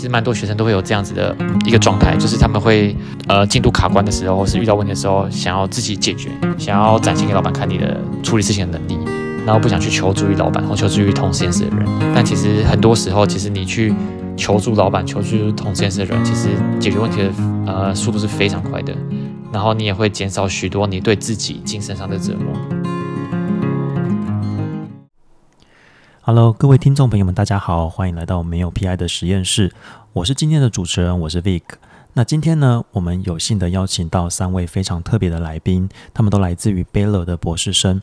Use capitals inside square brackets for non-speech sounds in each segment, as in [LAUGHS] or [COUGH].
其實蠻多學生都會有這樣子的一個狀態，就是他們會呃進度卡關的時候，或是遇到問題的時候，想要自己解決，想要展現給老闆看你的處理事情的能力，然後不想去求助於老闆或求助於同實驗室的人。但其實很多時候，其實你去求助老闆、求助於同實驗室的人，其實解決問題的呃速度是非常快的，然後你也會減少許多你對自己精神上的折磨。Hello，各位聽眾朋友們，大家好，歡迎來到沒有 PI 的實驗室。我是今天的主持人，我是 Vic。那今天呢，我們有幸的邀請到三位非常特別的來賓，他們都來自於 Baylor 的博士生。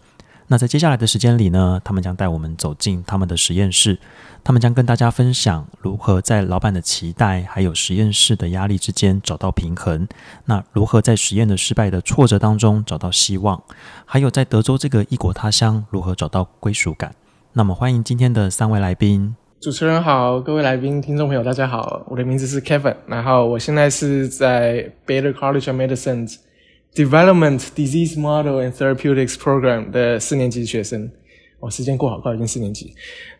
那在接下來的時間裡呢，他們將帶我們走進他們的實驗室，他們將跟大家分享如何在老板的期待還有實驗室的壓力之間找到平衡。那如何在實驗的失敗的挫折當中找到希望？還有在德州這個異國他鄉如何找到歸屬感？那麼，歡迎今天的三位來賓。主持人好，各位來賓、聽眾朋友，大家好。我的名字是 Kevin，然後我現在是在 Baylor College of Medicine's Development Disease Model and Therapeutics Program 的四年級學生。哇，時間過好快，已經四年級。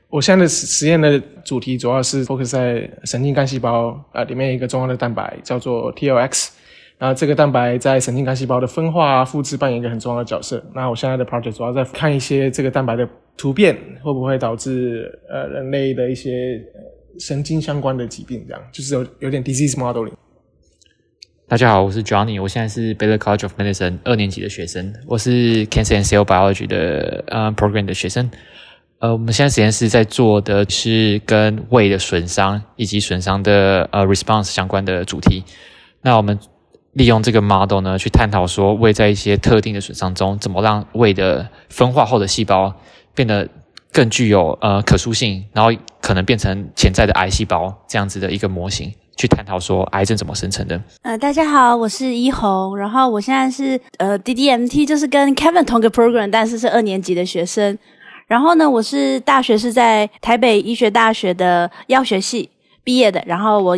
我現在的實驗的主題主要是 focus 在神經幹細胞啊裡面有一個重要的蛋白叫做 TLX。那這個蛋白在神經幹細胞的分化、啊、複製扮演一個很重要的角色。那我現在的 project 主要在看一些這個蛋白的突變會不會導致呃人類的一些神經相關的疾病，這樣就是有有點 disease modeling。大家好，我是 Johnny，我現在是 Baylor College of Medicine 二年級的學生，我是 Cancer and Cell Biology 的呃 program 的學生。呃，我們現在實驗室在做的是跟胃的損傷以及損傷的呃 response 相關的主題。那我們，利用這個 model 呢，去探討說胃在一些特定的損傷中，怎麼讓胃的分化後的細胞變得更具有呃可塑性，然後可能變成潛在的癌細胞這樣子的一個模型，去探討說癌症怎麼生成的。呃，大家好，我是依鴻，然後我現在是呃 DDMT，就是跟 Kevin 同個 program，但是是二年級的學生。然後呢，我是大學是在台北醫學大學的藥學系畢業的，然後我。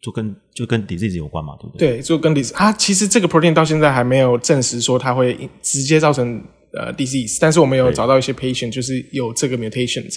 就跟就跟 disease 有關嘛，對不對？對，就跟 disease。啊，其實這個 protein 到現在還沒有證實說它會直接造成呃 disease，但是我們有找到一些 patient，就是有這個 mutations，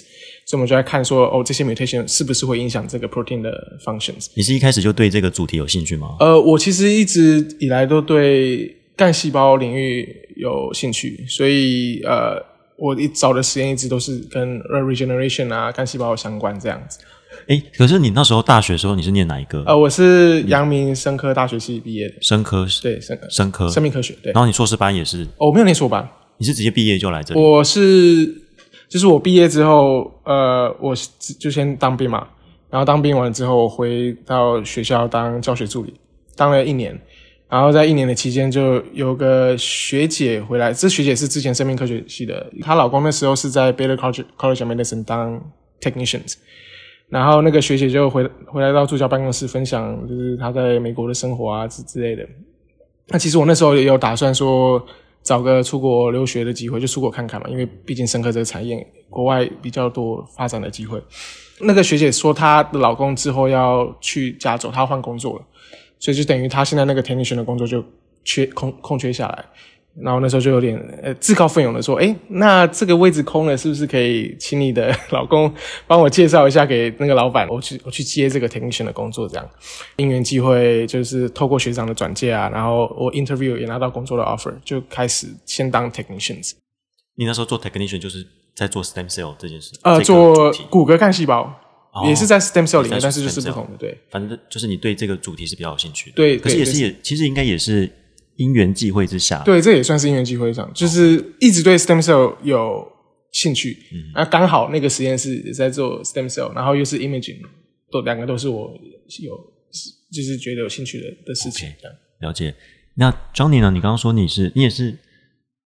所以我們就來看說，哦，這些 mutation 是不是會影響這個 protein 的 functions？你是一開始就對這個主題有興趣嗎？呃，我其實一直以來都對幹細胞領域有興趣，所以呃，我一找的實驗一直都是跟 re regeneration 啊，幹細胞有相關這樣子。哎，可是你那時候大學的時候你是念哪一個？呃，我是陽明生科大學系畢業的，生科。對，生科生命科學。對，然後你碩士班也是？哦，我沒有念碩班。你是直接畢業就來這裡？我是，就是我畢業之後，呃，我就先當兵嘛，然後當兵完之後我回到學校當教學助理，當了一年，然後在一年的期間就有個學姐回來，這學姐是之前生命科學系的，她老公那時候是在 Baylor College of Medicine 當 technicians。然後那個學姐就回回來到助教辦公室分享，就是她在美國的生活啊之之類的。那其實我那時候也有打算說，找個出國留學的機會，就出國看看嘛。因為畢竟生科這個產業，國外比較多發展的機會。那個學姐說她的老公之後要去加州，他換工作了，所以就等於她現在那個 technician 的工作就缺空空缺下來。然後那時候就有點呃自告奮勇的說，哎，那這個位置空了，是不是可以請你的老公幫我介紹一下給那個老板？我去我去接這個 technician 的工作，這樣因緣際會就是透過學長的轉介啊，然後我 interview 也拿到工作的 offer，就開始先當 technician。你那時候做 technician 就是在做 stem cell 這件事，呃，做骨骼幹細胞也是在 stem cell 裡面，哦、但是就是不同的對。反正就是你對這個主題是比較有興趣的，對，可是也是也其實應該也是。因緣際會之下，對，這也算是因緣際會上，就是一直對 stem cell 有興趣，那、哦啊、剛好那個實驗室也在做 stem cell，然後又是 imaging，都兩個都是我有就是覺得有興趣的的事情。Okay, 了解。那 Johnny 呢？你剛剛說你是你也是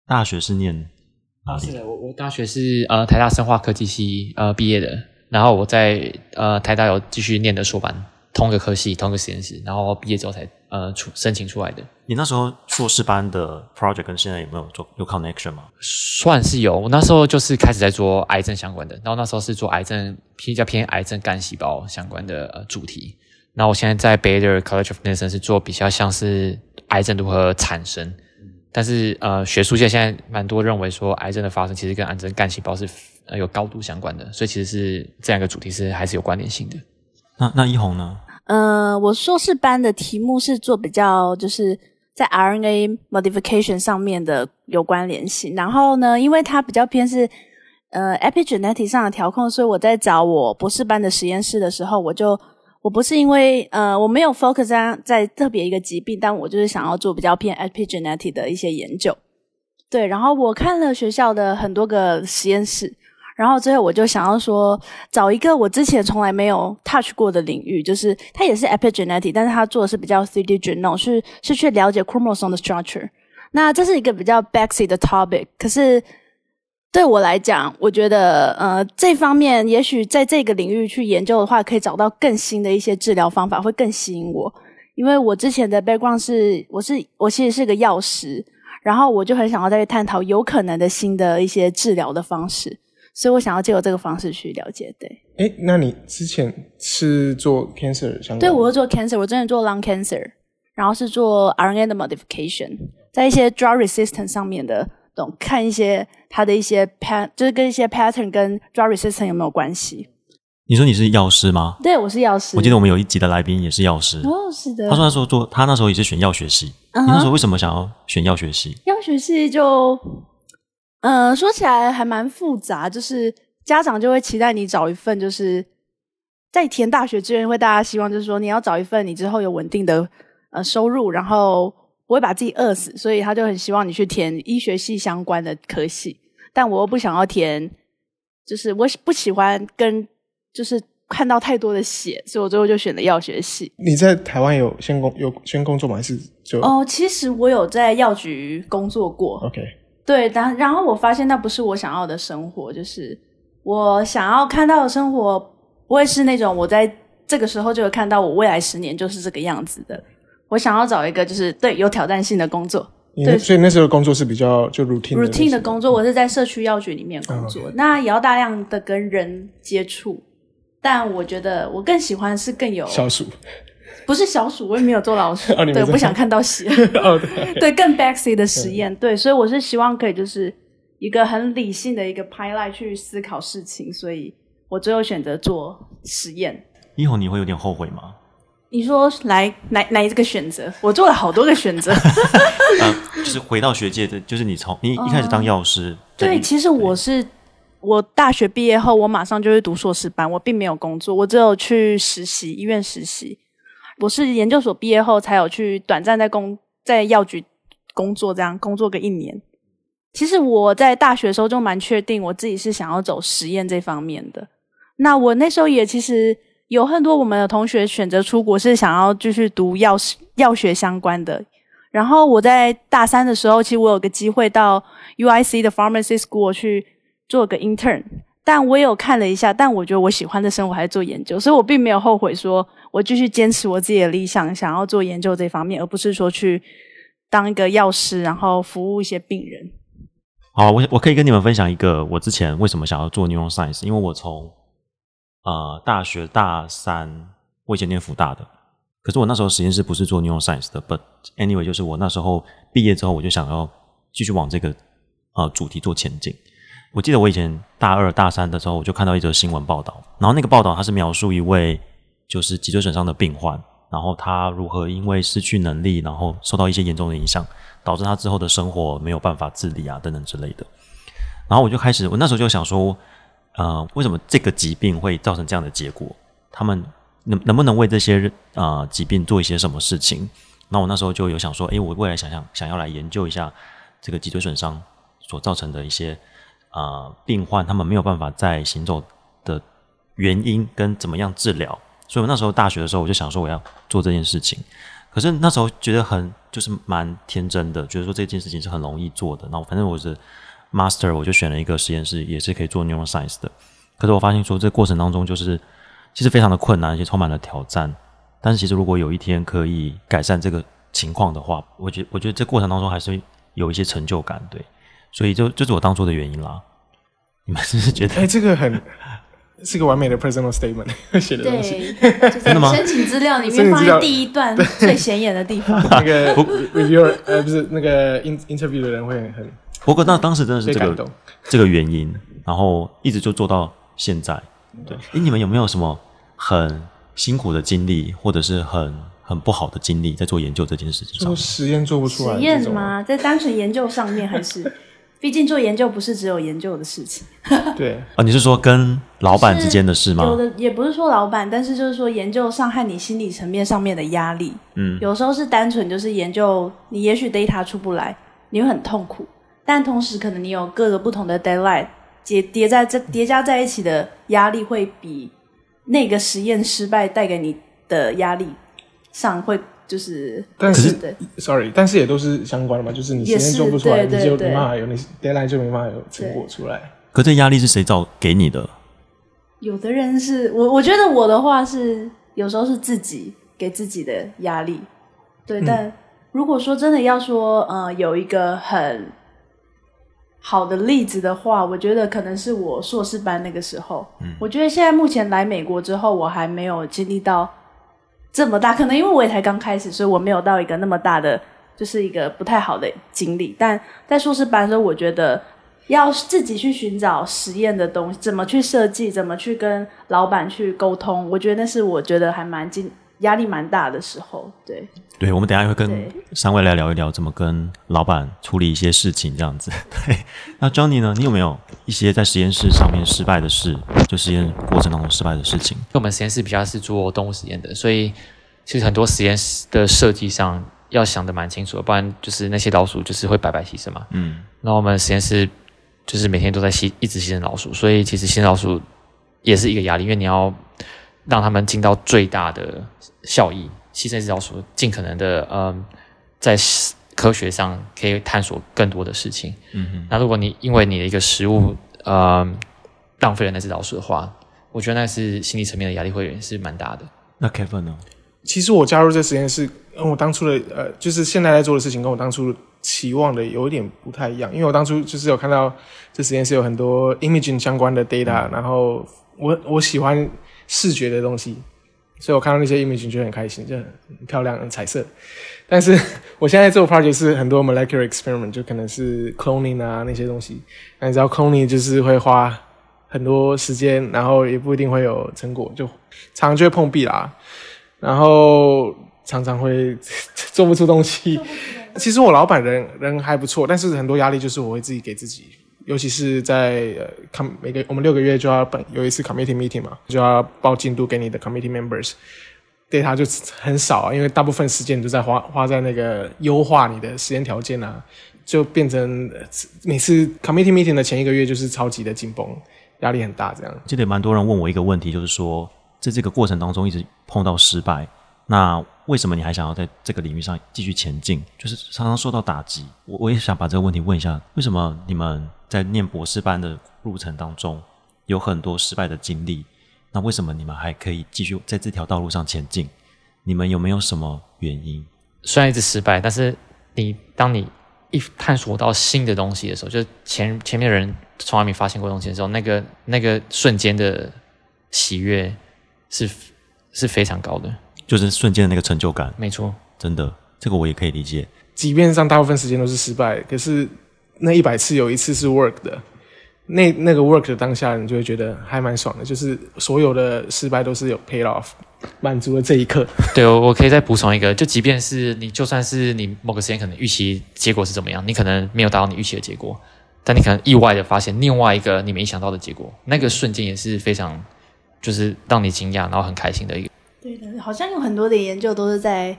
大學是念哪裡的啊是的，我我大學是呃台大生化科技系呃畢業的，然後我在呃台大有繼續念的碩班。通一個科系，通一個實驗室，然後畢業之後才呃出申請出來的。你那時候碩士班的 project 跟現在有沒有做有 connection 嗎？算是有，我那時候就是開始在做癌症相關的，然後那時候是做癌症比較偏癌症幹細胞相關的呃主題。那我現在在 Baylor College of Medicine 是做比較像是癌症如何產生，但是呃學術界現在蠻多認為說癌症的發生其實跟癌症幹細胞是呃有高度相關的，所以其實是這兩個主題是還是有關聯性的。那那依鴻呢？嗯、呃，我碩士班的題目是做比較，就是在 RNA modification 上面的有關聯繫。然後呢，因為它比較偏是呃 epigenetic 上的調控，所以我在找我博士班的實驗室的時候，我就我不是因為呃我沒有 focus 在，在特別一個疾病，但我就是想要做比較偏 epigenetic 的一些研究。對，然後我看了學校的很多個實驗室。然後最後，我就想要說，找一個我之前從來沒有 touch 過的領域，就是它也是 epigenetic，但是它做的是比較 3D genome 是是去了解 chromosome structure。那這是一個比較 basic 的 topic。可是對我來講，我覺得呃這方面，也許在這個領域去研究的話，可以找到更新的一些治療方法，會更吸引我。因為我之前的 background 是我是我其實是個藥師，然後我就很想要再去探討有可能的新的一些治療的方式。所以我想要借由這個方式去了解，對。欸，那你之前是做 cancer 相關的？對，我是做 cancer，我之前做 lung cancer，然後是做 RNA 的 modification，在一些 drug resistance 上面的。懂，看一些它的一些 pat，就是跟一些 pattern 跟 drug resistance 有沒有關係？你說你是藥師嗎？對，我是藥師。我記得我們有一集的來賓也是藥師。哦，oh，是的。他說他說做他那時候也是選藥學系，uh-huh，你那時候為什麼想要選藥學系？藥學系就。嗯、呃，說起來還蠻複雜，就是家長就會期待你找一份，就是在填大學志願會，大家希望就是說你要找一份你之後有穩定的呃收入，然後不會把自己餓死，所以他就很希望你去填醫學系相關的科系。但我又不想要填，就是我不喜歡跟就是看到太多的血，所以我最後就選了藥學系。你在台灣有先工有先工作嗎？還是就哦，其實我有在藥局工作過。OK。對，但然後我發現那不是我想要的生活，就是我想要看到的生活不會是那種我在這個時候就會看到我未來十年就是這個樣子的。我想要找一個就是對有挑戰性的工作，對。所以那時候工作是比較就 routine 的 routine 的工作，我是在社區藥局裡面工作，嗯，那也要大量的跟人接觸，但我覺得我更喜歡是更有銷售不是小鼠，我也沒有做老鼠、 [LAUGHS] 哦，對，我不想看到血。 [LAUGHS] 哦，對，對，更 sexy 的實驗，對，對，所以我是希望可以就是一個很理性的一個 pilot 去思考事情，所以我最後選擇做實驗。依鴻，你會有點後悔嗎？你說來哪哪一個選擇？我做了好多個選擇， [LAUGHS] [LAUGHS] 啊、就是回到學界的，就是你從你一開始當藥師、uh, 對，其實我是我大學畢業後，我馬上就是讀碩士班，我並沒有工作，我只有去實習醫院實習。我是研究所畢業後才有去短暫在工在藥局工作，這樣工作個一年。其實我在大學的時候就蠻確定我自己是想要走實驗這方面的。那我那時候也其實有很多我們的同學選擇出國是想要繼續讀藥藥學相關的。然後我在大三的時候，其實我有個機會到 UIC 的 Pharmacy School 去做個 intern，但我也有看了一下，但我覺得我喜歡的生活還是做研究，所以我並沒有後悔說。我繼續堅持我自己的理想，想要做研究這方面，而不是說去當一個藥師，然後服務一些病人。好，我我可以跟你們分享一個我之前為什麼想要做 neuroscience，因為我從呃大學大三，我以前念福大的，可是我那時候實驗室不是做 neuroscience 的。But anyway，就是我那時候畢業之後，我就想要繼續往這個呃主題做前進。我記得我以前大二、大三的時候，我就看到一則新聞報道，然後那個報道它是描述一位。就是脊椎損傷的病患，然後他如何因為失去能力，然後受到一些嚴重的影響，導致他之後的生活沒有辦法自理啊，等等之類的。然後我就開始，我那時候就想說，呃，為什麼這個疾病會造成這樣的結果？他們能能不能為這些啊、呃、疾病做一些什麼事情？那我那時候就有想說，誒、欸，我未來想想想要來研究一下這個脊椎損傷所造成的一些啊、呃、病患，他們沒有辦法再行走的原因跟怎麼樣治療。所以，我那時候大學的時候，我就想說我要做這件事情。可是那時候覺得很，就是蠻天真的，覺得說這件事情是很容易做的。然後，反正我是 master，我就選了一個實驗室，也是可以做 neuroscience 的。可是我發現說，這過程當中就是其實非常的困難，而且充滿了挑戰。但是，其實如果有一天可以改善這個情況的話，我覺得我覺得這過程當中還是有一些成就感，對。所以就，就就是我當初的原因啦。你們是不是覺得、欸？哎，這個很。是個完美的 personal statement 寫的東西，真的嗎？申請資料裡面，放在第一段最顯眼的地方。 [LAUGHS] [LAUGHS] 那個 [LAUGHS] your,、呃、不是那個 interview 的人會很。不過那當時真的是這個這個原因，然後一直就做到現在。對，哎、嗯欸，你們有沒有什麼很辛苦的經歷，或者是很很不好的經歷在做研究這件事情上？實驗做不出來？實驗嗎？在單純研究上面還是？ [LAUGHS] 畢竟做研究不是只有研究的事情。對。對啊，你是說跟老闆之間的事嗎？有的也不是說老闆，但是就是說研究傷害你心理層面上面的壓力。嗯，有時候是單純就是研究，你也許 data 出不來，你會很痛苦。但同時可能你有各個不同的 deadline，疊疊在這疊加在一起的壓力，會比那個實驗失敗帶給你的壓力上會。就是，但是,是,是對，sorry，但是也都是相關的嘛。就是你現在做不出來對對對，你就沒辦法有那 deadline 就沒辦法有成果出來。可這壓力是誰造給你的？有的人是我，我覺得我的話是有時候是自己給自己的壓力。對、嗯，但如果說真的要說，呃，有一個很好的例子的話，我覺得可能是我碩士班那個時候、嗯。我覺得現在目前來美國之後，我還沒有經歷到。這麼大，可能因為我也才剛開始，所以我沒有到一個那麼大的，就是一個不太好的經歷。但在碩士班的時候，我覺得要自己去尋找實驗的東西，怎麼去設計，怎麼去跟老闆去溝通，我覺得那是我覺得還蠻進。壓力蠻大的時候，對，對，我們等一下會跟三位來聊一聊怎麼跟老闆處理一些事情，這樣子。對，那 Johnny 呢？你有沒有一些在實驗室上面失敗的事？就實驗過程當中失敗的事情？因為我們實驗室比較是做動物實驗的，所以其實很多實驗室的設計上要想得蠻清楚的，不然就是那些老鼠就是會白白犧牲嘛。嗯，那我們實驗室就是每天都在犧一直犧牲老鼠，所以其實犧牲老鼠也是一個壓力，因為你要。讓他們盡到最大的效益，犧牲這隻老鼠，盡可能的嗯，在科學上可以探索更多的事情。嗯哼。那如果你因為你的一個失誤，嗯，嗯浪費了那只老鼠的話，我覺得那是心理層面的壓力會是蠻大的。那 Kevin 呢？其實我加入這實驗室，跟、嗯、我當初的，呃，就是現在在做的事情，跟我當初期望的有一點不太一樣。因為我當初就是有看到這實驗室有很多 imaging 相關的 data，、嗯、然後我我喜歡。視覺的東西，所以我看到那些 image 就很開心，就很漂亮，很彩色。但是我現在做 project 是很多 molecular experiment，就可能是 cloning 啊那些東西。但、啊、你知道 cloning 就是會花很多時間，然後也不一定會有成果，就常常就會碰壁啦，然後常常會做不出東西。其實我老板人人還不錯，但是很多壓力就是我會自己給自己。尤其是在呃，com 每個我們六個月就要本有一次 committee meeting 嘛，就要報進度給你的 committee members，data 就很少啊，因為大部分時間都在花花在那個優化你的時間條件啊，就變成，呃，每次 committee meeting 的前一個月就是超級的緊繃，壓力很大這樣。記得蠻多人問我一個問題，就是說在這個過程當中一直碰到失敗，那為什麼你還想要在這個領域上繼續前進？就是常常受到打擊，我我也想把這個問題問一下，為什麼你們？在念博士班的路程當中，有很多失敗的經歷。那為什麼你們還可以繼續在這條道路上前進？你們有沒有什麼原因？雖然一直失敗，但是你當你一探索到新的東西的時候，就前前面人從來沒發現過東西的時候，那個那個瞬間的喜悅是是非常高的，就是瞬間的那個成就感。沒錯，真的，這個我也可以理解。即便上大部分時間都是失敗，可是。那一百次有一次是 work 的，那那個 work 的當下，你就會覺得還蠻爽的。就是所有的失敗都是有 paid off，滿足了這一刻。對，我我可以再補充一個，就即便是你就算是你某個時間可能預期結果是怎麼樣，你可能沒有達到你預期的結果，但你可能意外的發現另外一個你沒想到的結果，那個瞬間也是非常就是讓你驚訝然後很開心的一個。對的，好像有很多的研究都是在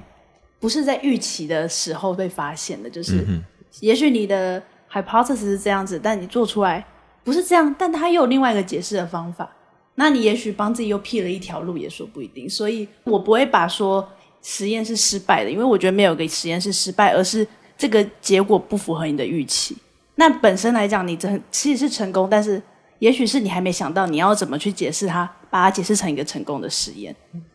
不是在預期的時候被發現的，就是、嗯、也許你的。Hypothesis 是這樣子，但你做出來不是這樣，但他又有另外一個解釋的方法，那你也許幫自己又闢了一條路，也說不一定。所以我不會把說實驗是失敗的，因為我覺得沒有個實驗是失敗，而是這個結果不符合你的預期。那本身來講，你其實是成功，但是也許是你還沒想到你要怎麼去解釋它，把它解釋成一個成功的實驗。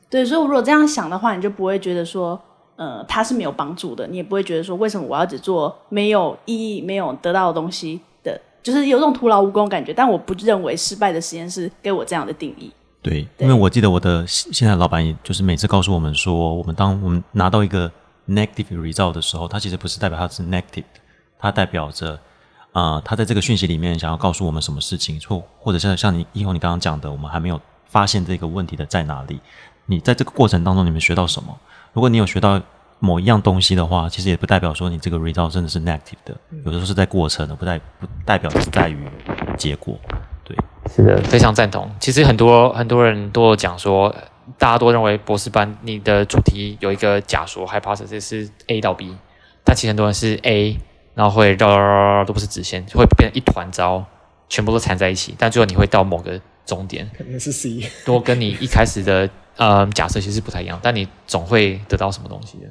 對，所以如果這樣想的話，你就不會覺得說。呃，它是沒有幫助的，你也不會覺得說為什麼我要只做沒有意義、沒有得到的東西的，就是有種徒勞無功感覺。但我不認為失敗的實驗是給我這樣的定義。對，對，因為我記得我的現在老闆，也就是每次告訴我們說，我們當我們拿到一個 negative result 的時候，它其實不是代表它是 negative，它代表着啊，他、呃、在這個訊息裡面想要告訴我們什麼事情，或或者像像你，依鴻你剛剛講的，我們還沒有發現這個問題的在哪裡。你在這個過程當中，你們學到什麼？如果你有學到某一樣東西的話，其實也不代表說你這個 result 真的是 negative 的，嗯、有的時候是在過程的，不代不代表是在於結果。對，是的，非常贊同。其實很多很多人都有講說，大家都認為博士班你的主題有一個假說，hypothesis，這是 A 到 B，但其實很多人是 A，然後會繞繞繞繞繞，都不是直線，會變成一團糟，全部都纏在一起，但最後你會到某個終點，肯定是 C。多跟你一開始的呃、嗯，假設其實不太一樣，但你總會得到什麼東西的。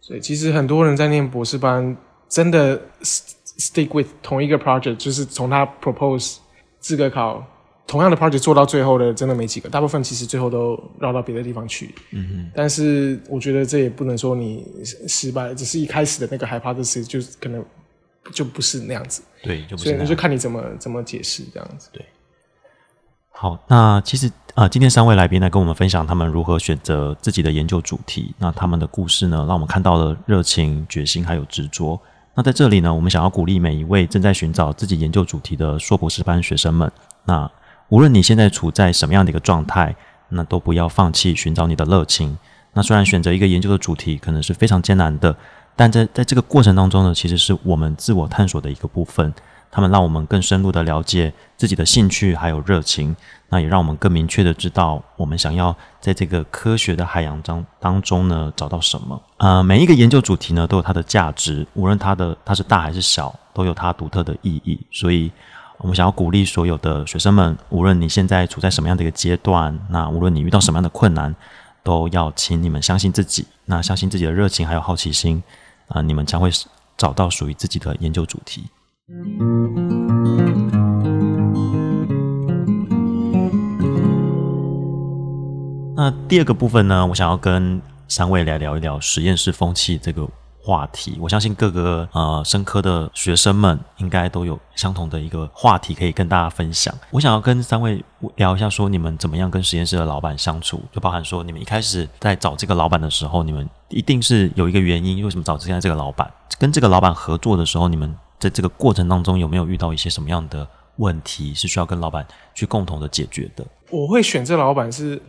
所以，其實很多人在念博士班，真的 stick with 同一個 project，就是從他 propose 資格考，同樣的 project 做到最後的，真的沒幾個。大部分其實最後都繞到別的地方去。嗯嗯。但是我覺得這也不能說你失敗，只是一開始的那個 hypothesis，就可能就不是那樣子。對，就不是那，所以你就看你怎麼怎麼解釋這樣子。對。好，那其實啊，呃，今天三位來賓呢，跟我們分享他們如何選擇自己的研究主題。那他們的故事呢，讓我們看到了熱情、決心還有執着。那在這裡呢，我們想要鼓勵每一位正在尋找自己研究主題的碩博士班學生們。那無論你現在處在什麼樣的一個狀態，那都不要放棄尋找你的熱情。那雖然選擇一個研究的主題可能是非常艱難的，但在在這個過程當中呢，其實是我們自我探索的一個部分。他們讓我們更深入的了解自己的興趣還有熱情，那也讓我們更明確的知道我們想要在這個科學的海洋中當中呢找到什麼。呃，每一個研究主題呢都有它的價值，無論它的它是大還是小，都有它獨特的意義。所以，我們想要鼓勵所有的學生們，無論你現在處在什麼樣的一個階段，那無論你遇到什麼樣的困難，都要請你們相信自己，那相信自己的熱情還有好奇心，啊、呃，你們將會找到屬於自己的研究主題。那第二個部分呢，我想要跟三位來聊一聊實驗室風氣這個話題。我相信各個呃生科的學生們應該都有相同的一個話題可以跟大家分享。我想要跟三位聊一下，說你們怎麼樣跟實驗室的老闆相處，就包含說你們一開始在找這個老闆的時候，你們一定是有一個原因，為什麼找現在這個老闆？跟這個老闆合作的時候，你們。在這個過程當中，有沒有遇到一些什麼樣的問題，是需要跟老闆去共同的解決的？我會選這老闆是，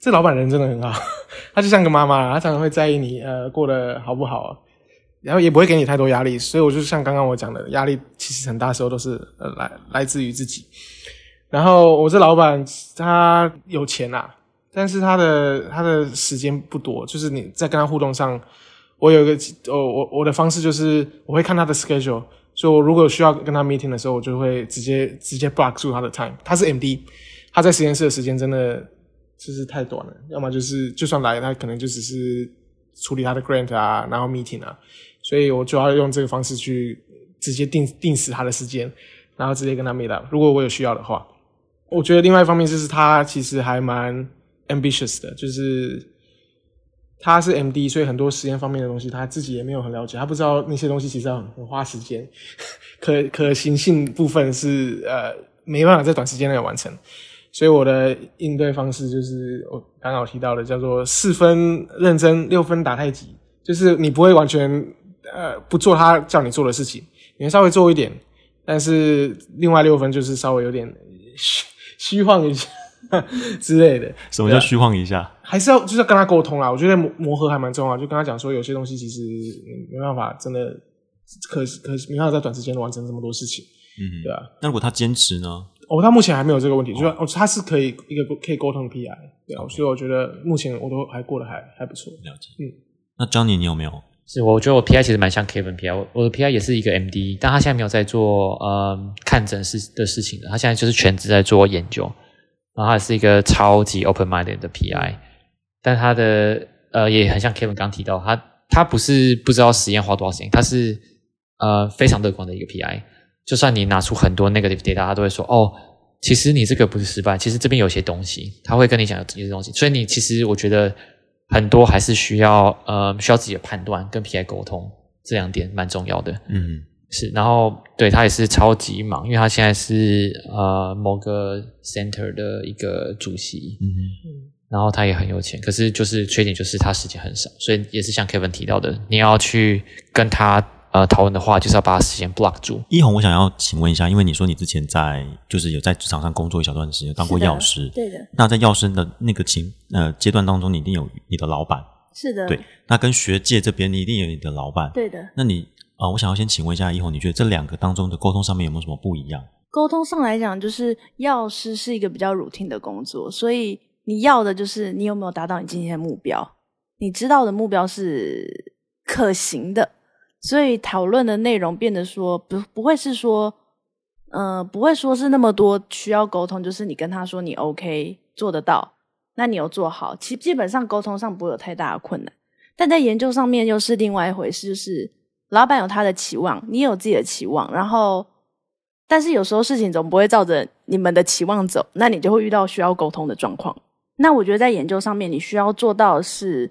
這老闆人真的很好， [LAUGHS] 他就像個媽媽，他常常會在意你呃過得好不好，然後也不會給你太多壓力。所以我就像剛剛我講的壓力，其實很大時候都是呃來來自於自己。然後我這老闆他有錢啊，但是他的他的時間不多，就是你在跟他互動上，我有一個、哦、我我我的方式就是我會看他的 schedule。所以，我如果需要跟他 meeting 的時候，我就會直接直接 block 住他的 time。他是 MD，他在實驗室的時間真的就是太短了。要麼就是就算來，他可能就只是處理他的 grant 啊，然後 meeting 啊。所以我就要用這個方式去直接定定死他的時間，然後直接跟他 meet up。如果我有需要的話，我覺得另外一方面就是他其實還蠻 ambitious 的，就是。他是 MD，所以很多實驗方面的東西他自己也沒有很了解，他不知道那些東西其實要很很花時間，可可行性部分是呃沒辦法在短時間內完成，所以我的應對方式就是我剛剛我提到的叫做四分認真，六分打太極，就是你不會完全呃不做他叫你做的事情，你會稍微做一點，但是另外六分就是稍微有點虛虛晃一下。 [LAUGHS] 之類的，什麼叫虛晃一下？啊、還是要就是要跟他溝通啊？我覺得磨，磨合還蠻重要。就跟他講說，有些東西其實沒辦法，真的可可沒辦法在短時間完成這麼多事情。嗯哼，對啊。那如果他堅持呢？哦，他目前還沒有這個問題，哦、就是哦，他是可以一個可以溝通的 P I，哦、對啊。所以我覺得目前我都還過得還還不錯。了解，嗯。那 Johnny 你有沒有？是，我覺得我 P I 其實蠻像 Kevin P I，我的 P I 也是一個 M D，但他現在沒有在做呃看診的事情了，他現在就是全職在做研究。嗯然後他是一個超級 open-minded 的、的 PI，但他的呃也很像 Kevin 剛提到，他他不是不知道實驗花多少時間，他是呃非常樂觀的一個 PI。就算你拿出很多 negative data，他都會說：“哦，其實你這個不是失敗，其實這邊有些東西。”他會跟你講有這些東西，所以你其實我覺得很多還是需要呃需要自己的判斷跟 PI 溝通，這兩點蠻重要的。嗯。是，然後對他也是超級忙，因為他現在是呃某個 center 的一個主席，嗯哼，然後他也很有錢，可是就是缺點就是他時間很少，所以也是像 Kevin 提到的，你要去跟他呃討論的話，就是要把他時間 block 住。依鴻，我想要請問一下，因為你說你之前在就是有在職場上工作一小段時間，當過藥師，對的。那在藥師的那個情呃階段當中，你一定有你的老闆，是的，對。那跟學界這邊，你一定有你的老闆，對的。那你。啊、哦，我想要先請問一下，依鴻，你覺得這兩個當中的溝通上面有沒有什麼不一樣？溝通上來講，就是藥師是，是一個比較 routine 的工作，所以你要的就是你有沒有達到你今天的目標？你知道的目標是可行的，所以討論的內容變得說不不會是說，呃，不會說是那麼多需要溝通，就是你跟他說你 OK 做得到，那你有做好，其基本上溝通上不會有太大的困難。但在研究上面又是另外一回事，就是，老闆有他的期望，你也有自己的期望，然後，但是有時候事情總不會照着你們的期望走，那你就會遇到需要溝通的狀況。那我覺得在研究上面，你需要做到的是，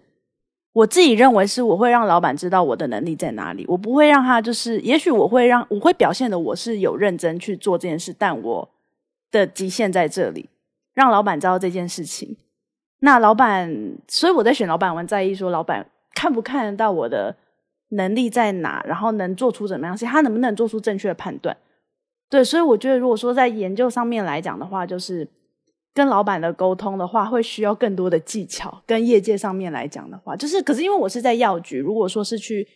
我自己認為是，我會讓老闆知道我的能力在哪裡，我不會讓他就是，也許我會讓我會表現的我是有認真去做這件事，但我的極限在這裡，讓老闆知道這件事情。那老闆，所以我在選老闆，我很在意說老闆看不看得到我的。能力在哪？然後能做出怎麼樣？他能不能做出正確的判斷？對，所以我覺得，如果說在研究上面來講的話，就是跟老闆的溝通的話，會需要更多的技巧。跟業界上面來講的話，就是，可是因為我是在藥局，如果說是去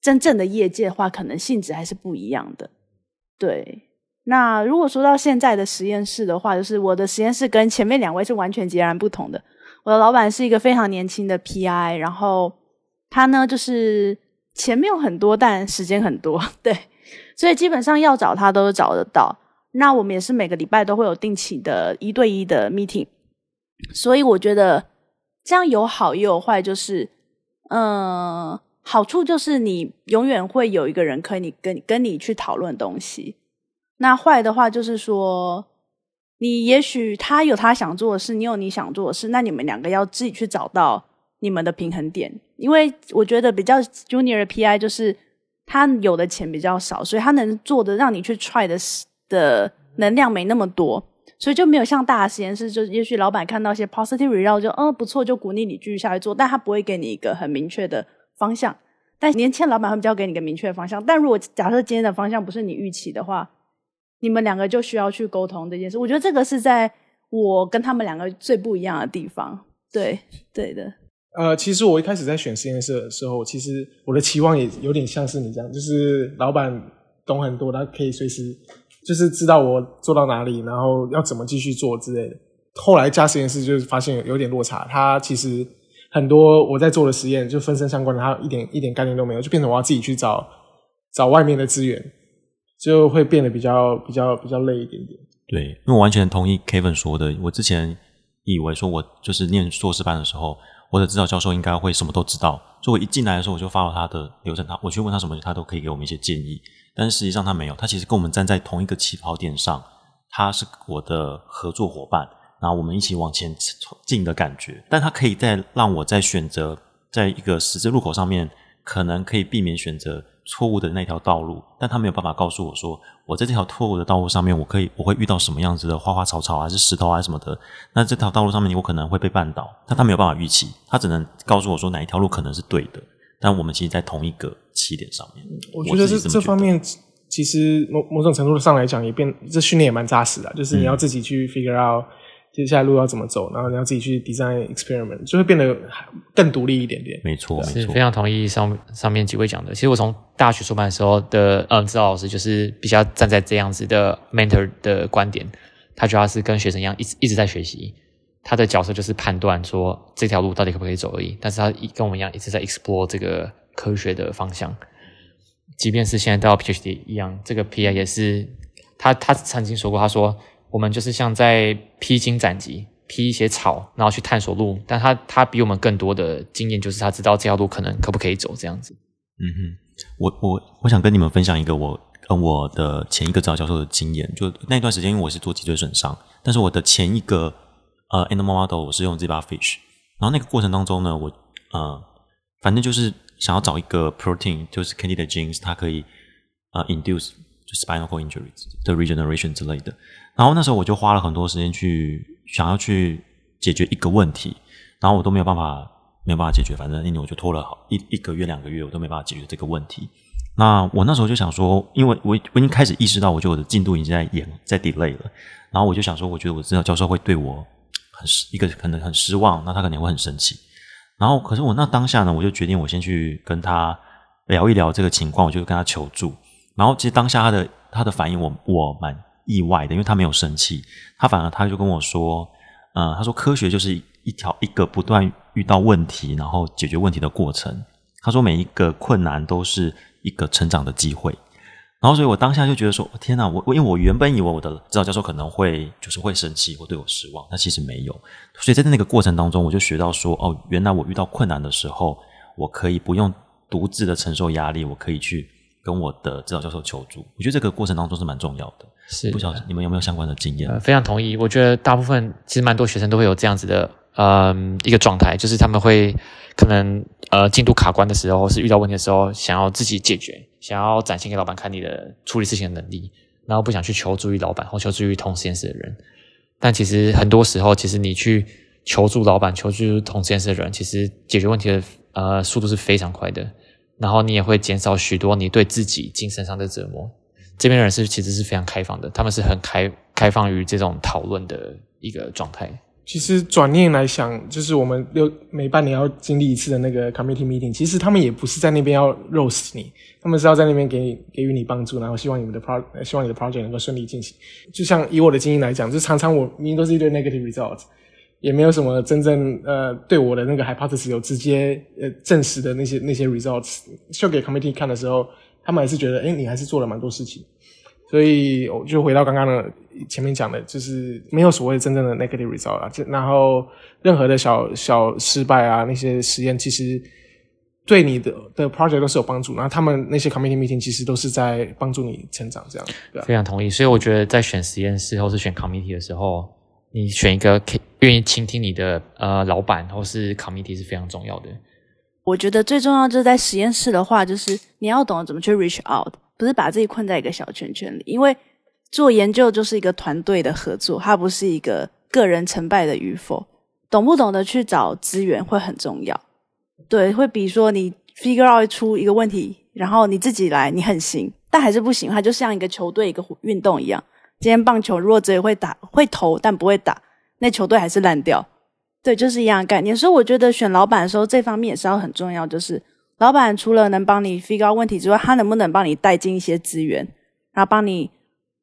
真正的業界的話，可能性質還是不一樣的。對，那如果說到現在的實驗室的話，就是我的實驗室跟前面兩位是完全截然不同的。我的老闆是一個非常年輕的 PI，然後他呢，就是。錢沒有很多，但時間很多，對，所以基本上要找他都是找得到。那我們也是每個禮拜都會有定期的一對一的 meeting，所以我覺得這樣有好也有壞，就是，嗯，好處就是你永遠會有一個人可以跟你跟你去討論東西，那壞的話就是說，你也許他有他想做的事，你有你想做的事，那你們兩個要自己去找到你們的平衡點。因為我覺得比較 junior 的 PI 就是他有的錢比較少，所以他能做的讓你去 try 的的能量沒那麼多，所以就沒有像大的實驗室，就也許老闆看到一些 positive result 就嗯不錯，就鼓勵你繼續下去做，但他不會給你一個很明確的方向。但年輕老闆會比較給你一個明確的方向。但如果假設今天的方向不是你預期的話，你們兩個就需要去溝通這件事。我覺得這個是在我跟他們兩個最不一樣的地方。對，對的。呃，其實我一開始在選實驗室的時候，其實我的期望也有點像是你這樣，就是老闆懂很多，他可以隨時就是知道我做到哪裡，然後要怎麼繼續做之類的。後來加實驗室，就是發現有，有點落差，他其實很多我在做的實驗就分身相關的，他一點一點概念都沒有，就變成我要自己去找找外面的資源，就會變得比較比較比較累一點點。對，因為我完全同意 Kevin 說的，我之前以為說我就是念碩士班的時候。我的指導教授應該會什麼都知道，所以我一進來的時候，我就 follow 他的流程，他，我去問他什麼，他都可以給我們一些建議。但是實際上他沒有，他其實跟我們站在同一個起跑點上，他是我的合作夥伴，然後我們一起往前進的感覺。但他可以在，讓我在選擇在一個十字路口上面，可能可以避免選擇錯誤的那條道路，但他沒有辦法告訴我說，我在這條錯誤的道路上面，我可以我會遇到什麼樣子的花花草草，還是石頭啊什麼的。那這條道路上面，我可能會被絆倒。但他沒有辦法預期，他只能告訴我說哪一條路可能是對的。但我們其實，在同一個起點上面，我覺得是這，這，這方面其實某某種程度上來講，也變這訓練也蠻扎實的，就是你要自己去 figure out。接下來路要怎麼走？然後你要自己去 design experiment，就會變得更獨立一點點。沒錯，沒錯，是非常同意上面上面幾位講的。其實我從大學出版的時候的，嗯，指導老師就是比較站在這樣子的 mentor 的觀點，他主要是跟學生一樣，一直一直在學習。他的角色就是判斷說這條路到底可不可以走而已。但是他跟我們一樣，一直在 explore 這個科學的方向。即便是現在到 PhD 一樣，這個 PI 也是他他曾經說過，他說。我們就是像在披荊斬棘，披一些草，然後去探索路。但他他比我們更多的經驗，就是他知道這條路可能可不可以走這樣子。嗯哼，我我我想跟你們分享一個我跟我的前一個指導教授的經驗，就那段時間因為我是做脊椎損傷，但是我的前一個呃 animal model 我是用 zebrafish，然後那個過程當中呢，我呃反正就是想要找一個 protein，就是 candidate genes，它可以啊、呃、induce。就 spinal cord injuries 的 regeneration 之類的，然後那時候我就花了很多時間去想要去解決一個問題，然後我都沒有辦法，沒有辦法解決，反正那年我就拖了好一一個月，兩個月，我都沒辦法解決這個問題。那我那時候就想說，因為我我已經開始意識到，我覺得我的進度已經在延，在 delay 了。然後我就想說，我覺得我知道教授會對我很失，一個可能很失望，那他可能會很生氣。然後，可是我那當下呢，我就決定我先去跟他聊一聊這個情況，我就跟他求助。然後其實當下他的他的反應我我蠻意外的，因為他沒有生氣，他反而他就跟我說，嗯，他說科學就是一條，一個不斷遇到問題，然後解決問題的過程。他說每一個困難都是一個成長的機會。然後所以我當下就覺得說，天哪，我我因為我原本以為我的指導教授可能會就是會生氣或對我失望，但其實沒有。所以在那個過程當中，我就學到說，哦，原來我遇到困難的時候，我可以不用獨自的承受壓力，我可以去。跟我的指導教授求助，我覺得這個過程當中是蠻重要的。是啊，不曉得你們有沒有相關的經驗？呃，非常同意。我覺得大部分其實蠻多學生都會有這樣子的，嗯、呃，一個狀態，就是他們會可能呃進度卡關的時候，或是遇到問題的時候，想要自己解決，想要展現給老闆看你的處理事情的能力，然後不想去求助於老闆或求助於同實驗室的人。但其實很多時候，其實你去求助老闆、求助同實驗室的人，其實解決問題的呃速度是非常快的。然後你也會減少許多你對自己精神上的折磨。這邊的人是其實是非常開放的，他們是很開開放於這種討論的一個狀態。其實轉念來想，就是我們六每半年要經歷一次的那個 committee meeting，其實他們也不是在那邊要 roast 你，他們是要在那邊給你給予你幫助，然後希望你們的 pro，希望你的 project 能夠順利進行。就像以我的經驗來講，就常常我明明都是一堆 negative results。也沒有什麼真正呃對我的那個 hypothesis 有直接呃證實的那些那些 results，show 給 committee 看的時候，他們還是覺得，哎、欸，你還是做了蠻多事情，所以我就回到剛剛的前面講的，就是沒有所謂真正的 negative result、啊、然後任何的小小失敗啊，那些實驗其實對你的的 project 都是有幫助，然後他們那些 committee meeting 其實都是在幫助你成長這樣，對吧，啊？非常同意，所以我覺得在選實驗室或是選 committee 的時候，你選一個、K 願意傾聽你的呃，老闆或是 committee 是非常重要的。我覺得最重要就是在實驗室的話，就是你要懂得怎麼去 reach out，不是把自己困在一個小圈圈裡。因為做研究就是一個團隊的合作，它不是一個個人成敗的與否。懂不懂得去找資源會很重要。對，會比如說你 figure out 出一個問題，然後你自己來，你很行，但還是不行。它就像一個球隊一個運動一樣，今天棒球弱者也會打，會投，但不會打。那球隊還是爛掉，對，就是一樣的概念。所以我覺得選老闆的時候，這方面也是要很重要，就是老闆除了能幫你 figure out 問題之外，他能不能幫你帶進一些資源，然後幫你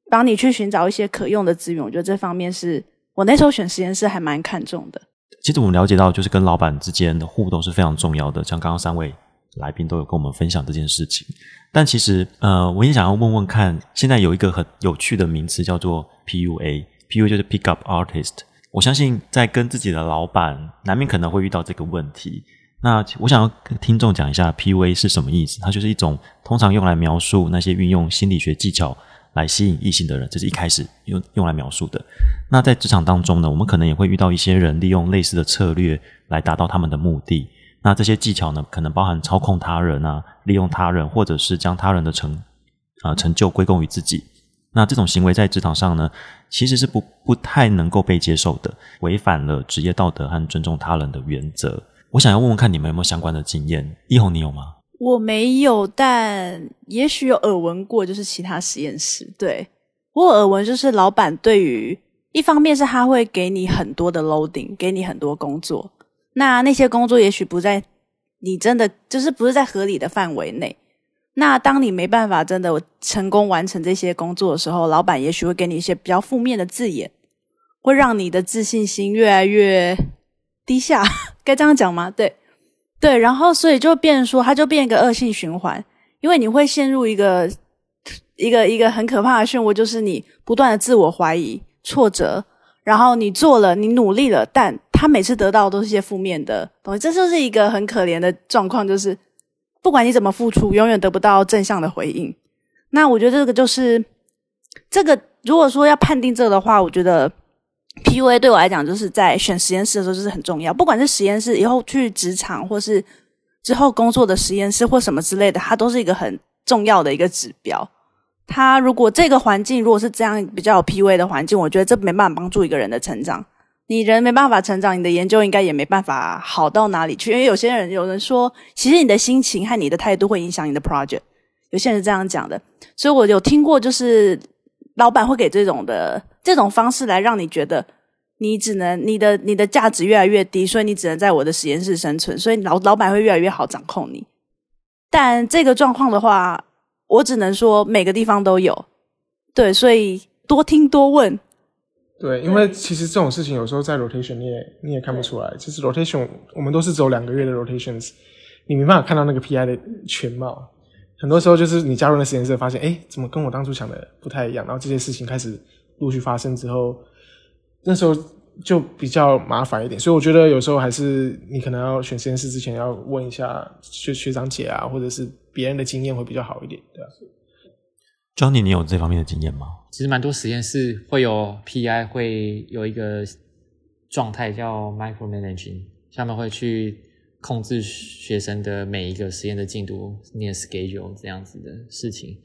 幫你去尋找一些可用的資源？我覺得這方面是我那時候選實驗室還蠻看重的。其實我們了解到，就是跟老闆之間的互動是非常重要的。像剛剛三位來賓都有跟我們分享這件事情，但其實呃，我也想要問問看，現在有一個很有趣的名詞叫做 PUA，PUA 就是 Pick Up Artist。我相信在跟自己的老闆，難免可能會遇到這個問題。那我想要跟聽眾講一下，PUA 是什麼意思？它就是一種通常用來描述那些運用心理學技巧來吸引異性的人，這是一開始用用來描述的。那在職場當中呢，我們可能也會遇到一些人利用類似的策略來達到他們的目的。那這些技巧呢，可能包含操控他人啊，利用他人，或者是將他人的成啊、呃、成就歸功於自己。那這種行為在職場上呢，其實是不不太能夠被接受的，違反了職業道德和尊重他人的原則。我想要問問看，你們有沒有相關的經驗？依鴻，你有嗎？我沒有，但也許有耳聞過，就是其他實驗室，對。我耳聞，就是老闆對於一方面是他會給你很多的 loading，嗯，給你很多工作，那那些工作也許不在你真的，就是不是在合理的範圍內。那當你沒辦法真的成功完成這些工作的時候，老闆也許會給你一些比較負面的字眼，會讓你的自信心越來越低下。該這樣講嗎？對，對，然後所以就變成說，它就變一個惡性循環，因為你會陷入一個一個一個很可怕的漩渦，就是你不斷的自我懷疑、挫折，然後你做了，你努力了，但他每次得到的都是些負面的東西，這就是一個很可憐的狀況，就是。不管你怎麼付出，永遠得不到正向的回應。那我覺得這個就是這個。如果說要判定這個的話，我覺得 PUA 對我來講就是在選實驗室的時候就是很重要。不管是實驗室以後去職場，或是之後工作的實驗室或什麼之類的，它都是一個很重要的一個指標。它如果這個環境如果是這樣比較有 PUA 的環境，我覺得這沒辦法幫助一個人的成長。你人沒辦法成長，你的研究應該也沒辦法好到哪裡去。因為有些人有人說，其實你的心情和你的態度會影響你的 project，有些人是這樣講的。所以我有聽過，就是老闆會給這種的這種方式來讓你覺得你只能你的你的價值越來越低，所以你只能在我的實驗室生存，所以老老闆會越來越好掌控你。但這個狀況的話，我只能說每個地方都有，對，所以多聽多問。對，因為其實這種事情有時候在 rotation 你也你也看不出來，其實 rotation 我們都是走兩個月的 rotations，你沒辦法看到那個 PI 的全貌。很多時候就是你加入那實驗室發現，哎，怎麼跟我當初想的不太一樣？然後這些事情開始陸續發生之後，那時候就比較麻煩一點。所以我覺得有時候還是你可能要選實驗室之前要問一下學學長姐啊，或者是別人的經驗會比較好一點，對啊。Johnny，你有這方面的經驗嗎？其實蠻多實驗室會有 PI，會有一個狀態叫 micro managing，下面會去控制學生的每一個實驗的進度，念 schedule 這樣子的事情。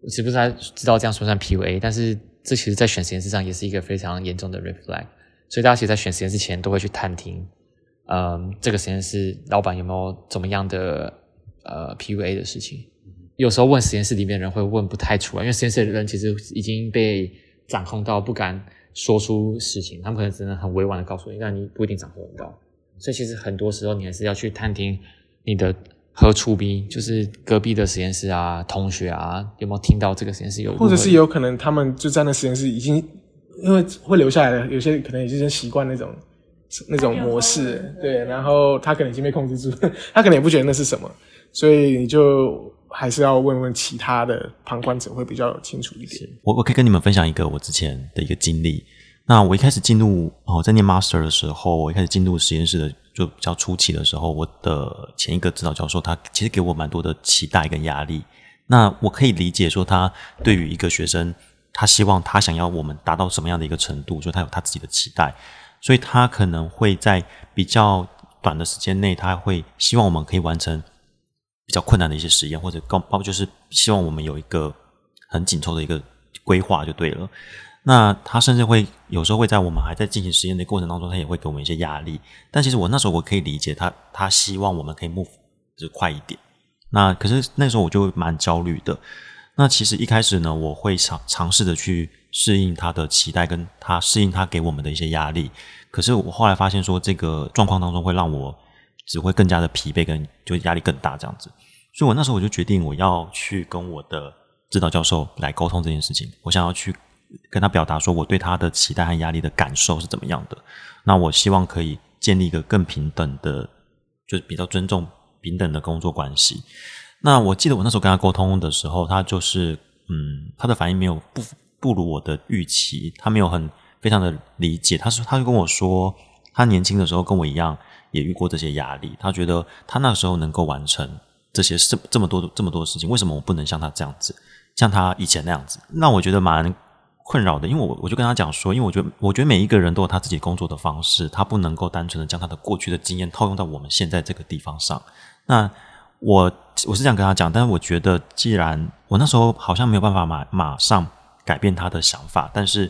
我其實不太知道這樣說算不算 PUA？但是這其實在選實驗室上也是一個非常嚴重的 red flag，所以大家其實在選實驗室前都會去探聽，嗯，這個實驗室老板有沒有怎麼樣的呃 PUA 的事情。有時候問實驗室裡面的人會問不太出來，因為實驗室的人其實已經被掌控到不敢說出事情，他們可能只能很委婉的告訴你，那你不一定掌控得到。所以其實很多時候你還是要去探聽你的和處兵，就是隔壁的實驗室啊，同學啊，有沒有聽到這個實驗室有，或者是有可能他們就在那實驗室已經因為會留下來了，有些可能已經習慣那種那種模式是是，對，然後他可能已經被控制住， [LAUGHS] 他可能也不覺得那是什麼，所以你就。還是要問問其他的旁觀者會比較有清楚一點。我我可以跟你們分享一個我之前的一個經歷。那我一開始進入哦，在念 Master 的時候，我一開始進入實驗室的就比較初期的時候，我的前一個指導教授他其實給我蠻多的期待跟壓力。那我可以理解說，他對於一個學生，他希望他想要我們達到什麼樣的一個程度，所以他有他自己的期待，所以他可能會在比較短的時間內，他會希望我們可以完成。比較困難的一些實驗，或者包括就是希望我們有一個很緊湊的一個規劃就對了。那他甚至會有時候會在我們還在進行實驗的過程當中，他也會給我們一些壓力。但其實我那時候我可以理解他，他希望我們可以 move 就是快一點。那可是那時候我就蠻焦慮的。那其實一開始呢，我會嘗嘗試着去適應他的期待，跟他適應他給我們的一些壓力。可是我後來發現說，這個狀況當中會讓我。只會更加的疲憊，跟就壓力更大這樣子，所以我那時候我就決定我要去跟我的指導教授來溝通這件事情。我想要去跟他表達說，我對他的期待和壓力的感受是怎麼樣的。那我希望可以建立一個更平等的，就是比較尊重平等的工作關係。那我記得我那時候跟他溝通的時候，他就是嗯，他的反應沒有不不如我的預期，他沒有很非常的理解。他說，他就跟我說，他年輕的時候跟我一樣。也遇過這些壓力，他覺得他那時候能夠完成這些事，這麼多這麼多的事情，為什麼我不能像他這樣子，像他以前那樣子？那我覺得蠻困擾的，因為我我就跟他講說，因為我覺得我覺得每一個人都有他自己工作的方式，他不能夠單純的將他的過去的經驗套用到我們現在這個地方上。那我我是想跟他講，但是我覺得既然我那時候好像沒有辦法馬馬上改變他的想法，但是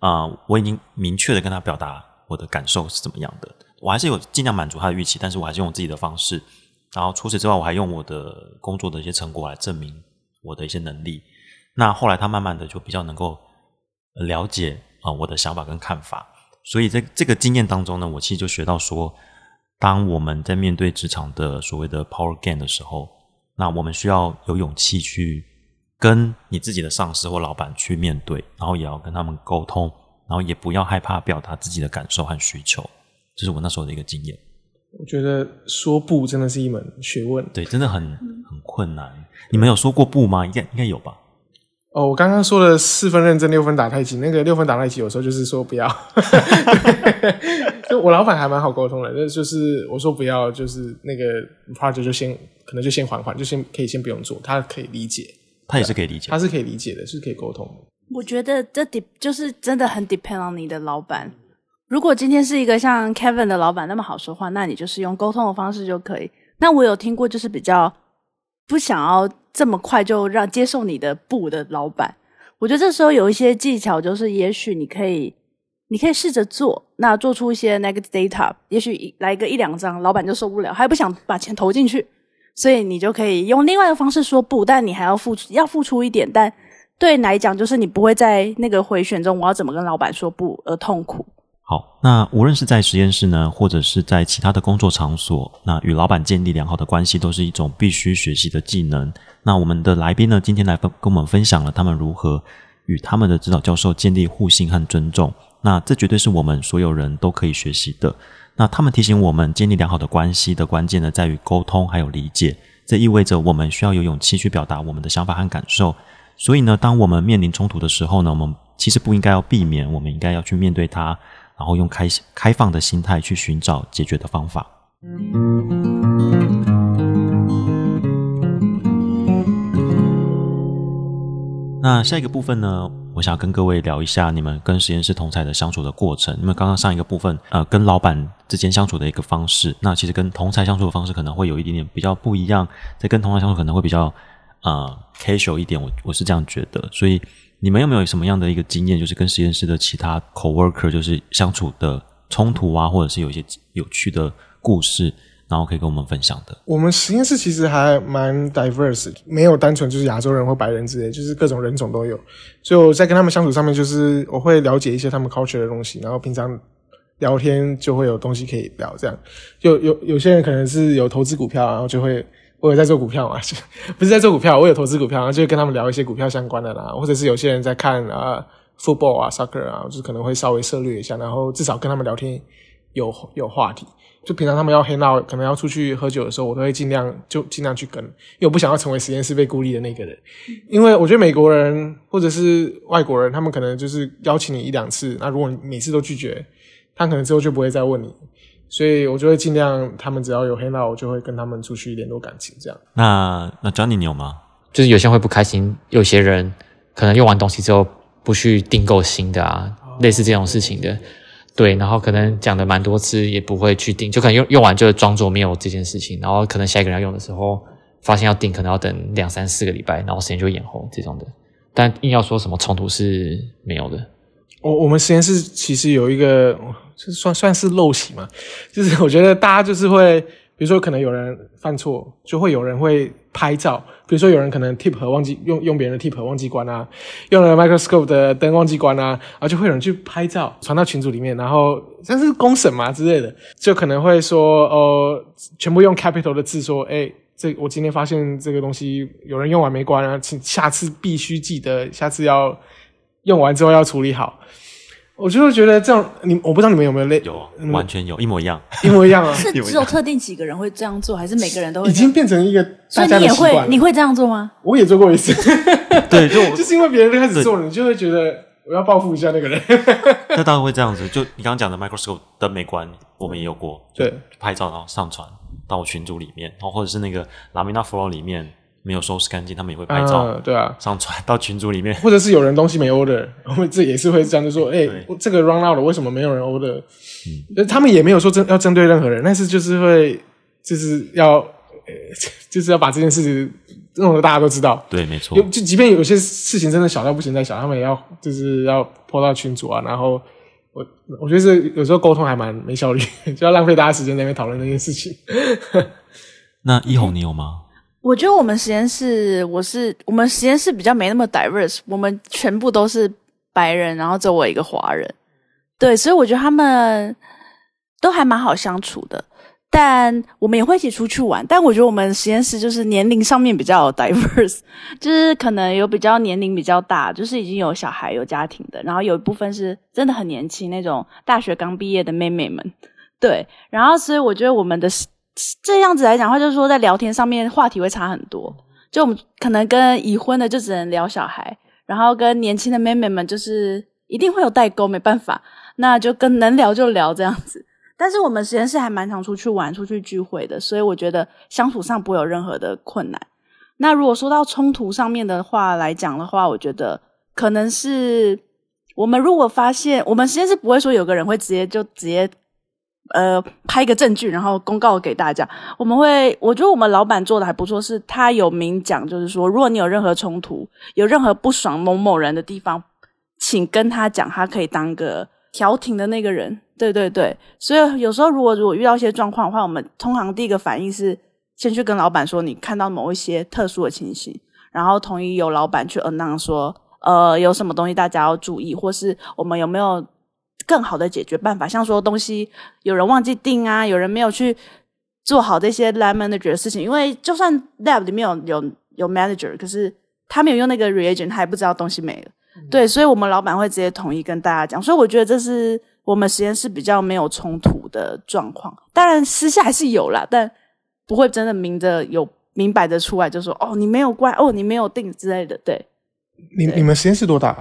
啊、呃，我已經明確的跟他表達我的感受是怎麼樣的。我還是有盡量滿足他的預期，但是我還是用我自己的方式。然後除此之外，我還用我的工作的一些成果來證明我的一些能力。那後來他慢慢的就比較能夠了解啊，我的想法跟看法。所以在這個經驗當中呢，我其實就學到說，當我們在面對職場的所謂的 power game 的時候，那我們需要有勇氣去跟你自己的上司或老闆去面對，然後也要跟他們溝通，然後也不要害怕表達自己的感受和需求。這、就是我那時候的一個經驗。我覺得說不真的是一門學問，對，真的很很困難。你們有說過不嗎？應該應該有吧？哦，我剛剛說了四分認真，六分打太極。那個六分打太極，有時候就是說不要。 [LAUGHS] [LAUGHS] 對 [LAUGHS] 就我老闆還蠻好溝通的，就就是我說不要，就是那個 project 就先可能就先緩緩，就先可以先不用做，他可以理解，他也是可以理解，他是可以理解的，就是可以溝通。我覺得這 d 就是真的很 depend on 你的老闆。如果今天是一個像 Kevin 的老板，那麼好說話，那你就是用溝通的方式就可以。那我有聽過，就是比較不想要這麼快就讓接受你的不的老板。我覺得這時候有一些技巧，就是也許你可以，你可以試着做，那做出一些 negative data，也許來個一兩張，老板就受不了，還不想把錢投進去，所以你就可以用另外一個方式說不，但你還要付出，要付出一點。但對來講，就是你不會在那個回旋中，我要怎麼跟老板說不而痛苦。好，那無論是在實驗室呢，或者是在其他的工作場所，那與老闆建立良好的關係都是一種必須學習的技能。那我們的來賓呢，今天來跟我們分享了他們如何與他們的指導教授建立互信和尊重。那這絕對是我們所有人都可以學習的。那他們提醒我們，建立良好的關係的關鍵呢，在於溝通還有理解。這意味着我們需要有勇氣去表達我們的想法和感受。所以呢，當我們面臨衝突的時候呢，我們其實不應該要避免，我們應該要去面對它。然後用開開放的心態去尋找解決的方法。那下一個部分呢，我想跟各位聊一下你們跟實驗室同儕的相處的過程。因為剛剛上一個部分，呃，跟老板之間相處的一個方式，那其實跟同儕相處的方式可能會有一點點比較不一樣。在跟同儕相處，可能會比較啊、呃、casual 一點。我我是這樣覺得，所以。你們有沒有什麼樣的一個經驗，就是跟實驗室的其他 coworker 就是相處的衝突啊，或者是有一些有趣的故事，然後可以跟我們分享的？我們實驗室其實還蠻 diverse，沒有單純就是亞洲人或白人之類，就是各種人種都有。所以我在跟他們相處上面，就是我會了解一些他們 culture 的東西，然後平常聊天就會有東西可以聊。這樣就有有，有些人可能是有投資股票，然後就會。我也在做股票嘛，不是在做股票，我有投資股票，然後就跟他們聊一些股票相關的啦，或者是有些人在看啊，football 啊，soccer 啊，就可能會稍微涉略一下，然後至少跟他們聊天有有話題。就平常他們要 hang out，可能要出去喝酒的時候，我都會盡量就盡量去跟，因為我不想要成為實驗室被孤立的那個人。因為我覺得美國人或者是外國人，他們可能就是邀請你一兩次，那如果你每次都拒絕，他可能之後就不會再問你。所以，我就會盡量，他們只要有黑料，我就會跟他們出去聯絡感情，這樣。那那 Johnny，你有嗎？就是有些人會不開心，有些人可能用完東西之後不去訂購新的啊，哦、類似這種事情的。對，對對對，然後可能講了蠻多次，也不會去訂，就可能用用完就會裝作沒有這件事情，然後可能下一個人要用的時候發現要訂，可能要等兩三四個禮拜，然後時間就延後這種的。但硬要說什麼衝突是沒有的。我我們實驗室其實有一個。算算是陋習嘛，就是我覺得大家就是會，比如說可能有人犯錯，就會有人會拍照，比如說有人可能 tip 忘記用用別人的 tip 忘記關啊，用了 microscope 的燈忘記關啊，然後、啊、就會有人去拍照傳到群組裡面，然後像是公審嘛之類的，就可能會說，呃、哦，全部用 capital 的字說，哎，這我今天發現這個東西有人用完沒關啊，請下次必須記得，下次要用完之後要處理好。我就會覺得這樣，你我不知道你們有沒有累？有，有，有完全有一模一樣，一模一樣啊！ [LAUGHS] 是只有特定幾個人會這樣做，還是每個人都會已經變成一個大家習慣？所以你也會你會這樣做嗎？我也做過一次， [LAUGHS] [LAUGHS] 對，就 [LAUGHS] 就是因為別人開始做了，你就會覺得我要報復一下那個人。那當然會這樣子，就你剛剛講的 microscope 燈沒關，我們也有過，對，拍照然後上傳到群組裡面，然後或者是那個 laminar flow 裡面。沒有收拾乾淨，他們也會拍照，啊對啊，上傳到群組裡面，或者是有人東西沒 order，然後這也是會這樣就說，哎、欸，這個 run out 了，為什麼沒有人 order？、嗯、他們也沒有說針要針對任何人，但是就是會就是要、呃、就是要把這件事情，弄得大家都知道，對，沒錯。就即便有些事情真的小到不行再小，他們也要就是要潑到群組啊。然後我我覺得這有時候溝通還蠻沒效率，就要浪費大家時間在那邊討論那件事情。那依鴻你有嗎？嗯我覺得我們實驗室，我是我們實驗室比較沒那麼 diverse，我們全部都是白人，然後只有我一個華人。對，所以我覺得他們都還蠻好相處的，但我們也會一起出去玩。但我覺得我們實驗室就是年齡上面比較 diverse，就是可能有比較年齡比較大，就是已經有小孩有家庭的，然後有一部分是真的很年輕那種大學剛畢業的妹妹們。對，然後所以我覺得我們的。這樣子來講的話，就是說在聊天上面話題會差很多。就我們可能跟已婚的就只能聊小孩，然後跟年輕的妹妹們就是一定會有代溝，沒辦法。那就跟能聊就聊這樣子。但是我們實驗室還蠻常出去玩、出去聚會的，所以我覺得相處上不會有任何的困難。那如果說到衝突上面的話來講的話，我覺得可能是我們如果發現我們實驗室不會說有個人會直接就直接。呃，拍一個證據，然後公告給大家。我們會，我覺得我們老闆做的還不錯，是他有明講，就是說，如果你有任何衝突，有任何不爽某某人的地方，請跟他講，他可以當個調停的那個人。對對對，所以有時候如果如果遇到一些狀況的話，我們通常第一個反應是先去跟老闆說，你看到某一些特殊的情形，然後同意由老闆去 on 說，呃，有什麼東西大家要注意，或是我們有沒有。更好的解決辦法，像說東西有人忘記訂啊，有人沒有去做好這些 lab manager 的事情，因為就算 lab 裡面有有有 manager，可是他沒有用那個 reagent，他還不知道東西沒了。嗯、對，所以我們老板會直接統一跟大家講。所以我覺得這是我們實驗室比較沒有衝突的狀況。當然私下還是有啦，但不會真的明着有明擺着出來就說哦你沒有怪，哦你沒有定之類的。對，對你你們實驗室多大？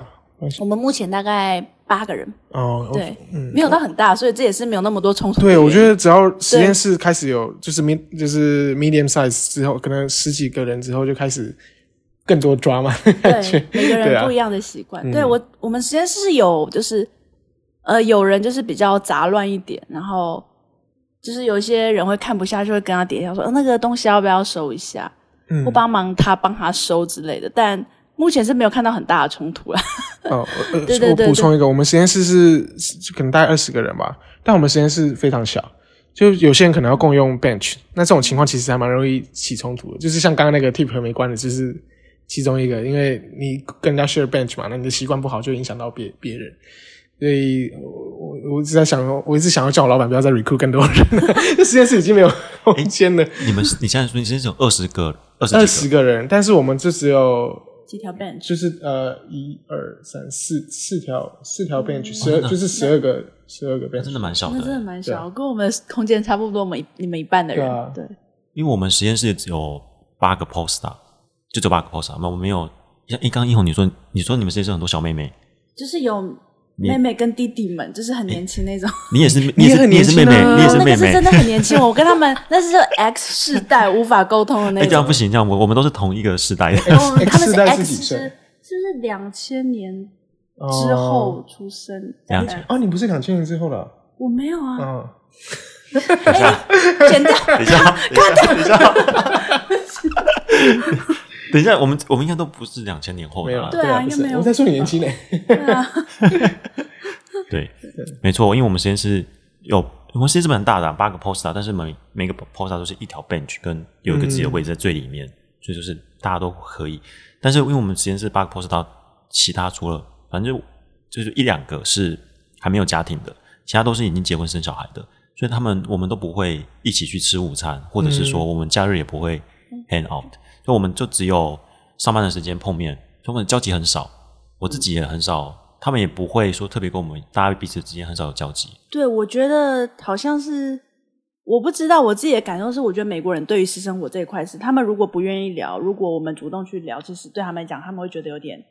我們目前大概。八個人哦，對，嗯，沒有到很大，哦，所以這也是沒有那麼多衝突。對，我覺得只要實驗室開始有，就是 mid 就是 medium size 之後，可能十幾個人之後就開始更多 drama 嘛。對，每個人不一樣的習慣。對、啊、對我，我們實驗室有就是，呃，有人就是比較雜亂一點，然後就是有一些人會看不下去，就會跟他點一下說，呃，那個東西要不要收一下？嗯，我幫忙他幫他收之類的，但。目前是沒有看到很大的衝突啊。哦，我補充一個，我們實驗室是可能大概二十個人吧，但我們實驗室非常小，就有些人可能要共用 bench，那這種情況其實還蠻容易起衝突的。就是像剛剛那個 tip 沒關的，就是其中一個，因為你跟人家 share bench 嘛，那你的習慣不好就影響到別別人。所以我我一直在想，我一直想要叫我老闆不要再 recruit 更多人了，這 [LAUGHS] 實驗室已經沒有空間了。欸、你們你現在說你實驗室有二十個二十幾個人，但是我們這只有。幾條 bench 就是呃，一二三四四條四條 bench，十二就是十二個十二個 bench，真的蠻小，、欸、小的，真的蠻小，跟我們的空間差不多，我們你們一半的人對，、啊、對，因為我們實驗室只有八個 poster、啊、就只有八個 poster、啊、我們沒有像剛剛依鴻，你說你說你們實驗室很多小妹妹，就是有。妹妹跟弟弟們就是很年輕那種、欸，你也是，你也是，你也是，年輕的你也是妹妹，你也是妹妹，那個、是真的很年輕。 [LAUGHS] 我跟他們那是 X 世代無法溝通的那種、欸。這樣不行，這樣我我們都是同一個世代的。欸、 [LAUGHS] 他們是 X，就是兩千年之後出生。兩、哦、千哦，你不是兩千年之後了、啊？我沒有啊。嗯，剪掉，剪 [LAUGHS] 掉，剪掉，剪掉。 [LAUGHS] [LAUGHS] 等一下，我們我們應該都不是兩千年後的了、啊，對啊，又、啊、沒有，我們在說你年輕嘞。啊 [LAUGHS] 對，啊、 [LAUGHS] 對，沒錯，因為我們實驗室有我們實驗室蠻大的、啊，八個 poster，但是每每個 poster 都是一條 bench，跟有一個自己的位置在最裡面、嗯，所以就是大家都可以。但是因為我們實驗室八個 poster，其他除了反正就、就是一兩個是還沒有家庭的，其他都是已經結婚生小孩的，所以他們我們都不會一起去吃午餐，或者是說我們假日也不會 hang out、嗯。嗯所以，我們就只有上班的時間碰面，所以我們交集很少，我自己也很少，他們也不會說特別跟我們大家彼此之間很少有交集。對，我覺得好像是，我不知道我自己的感受是，我覺得美國人對於私生活這一塊是，他們如果不願意聊，如果我們主動去聊，其實對他們來講，他們會覺得有點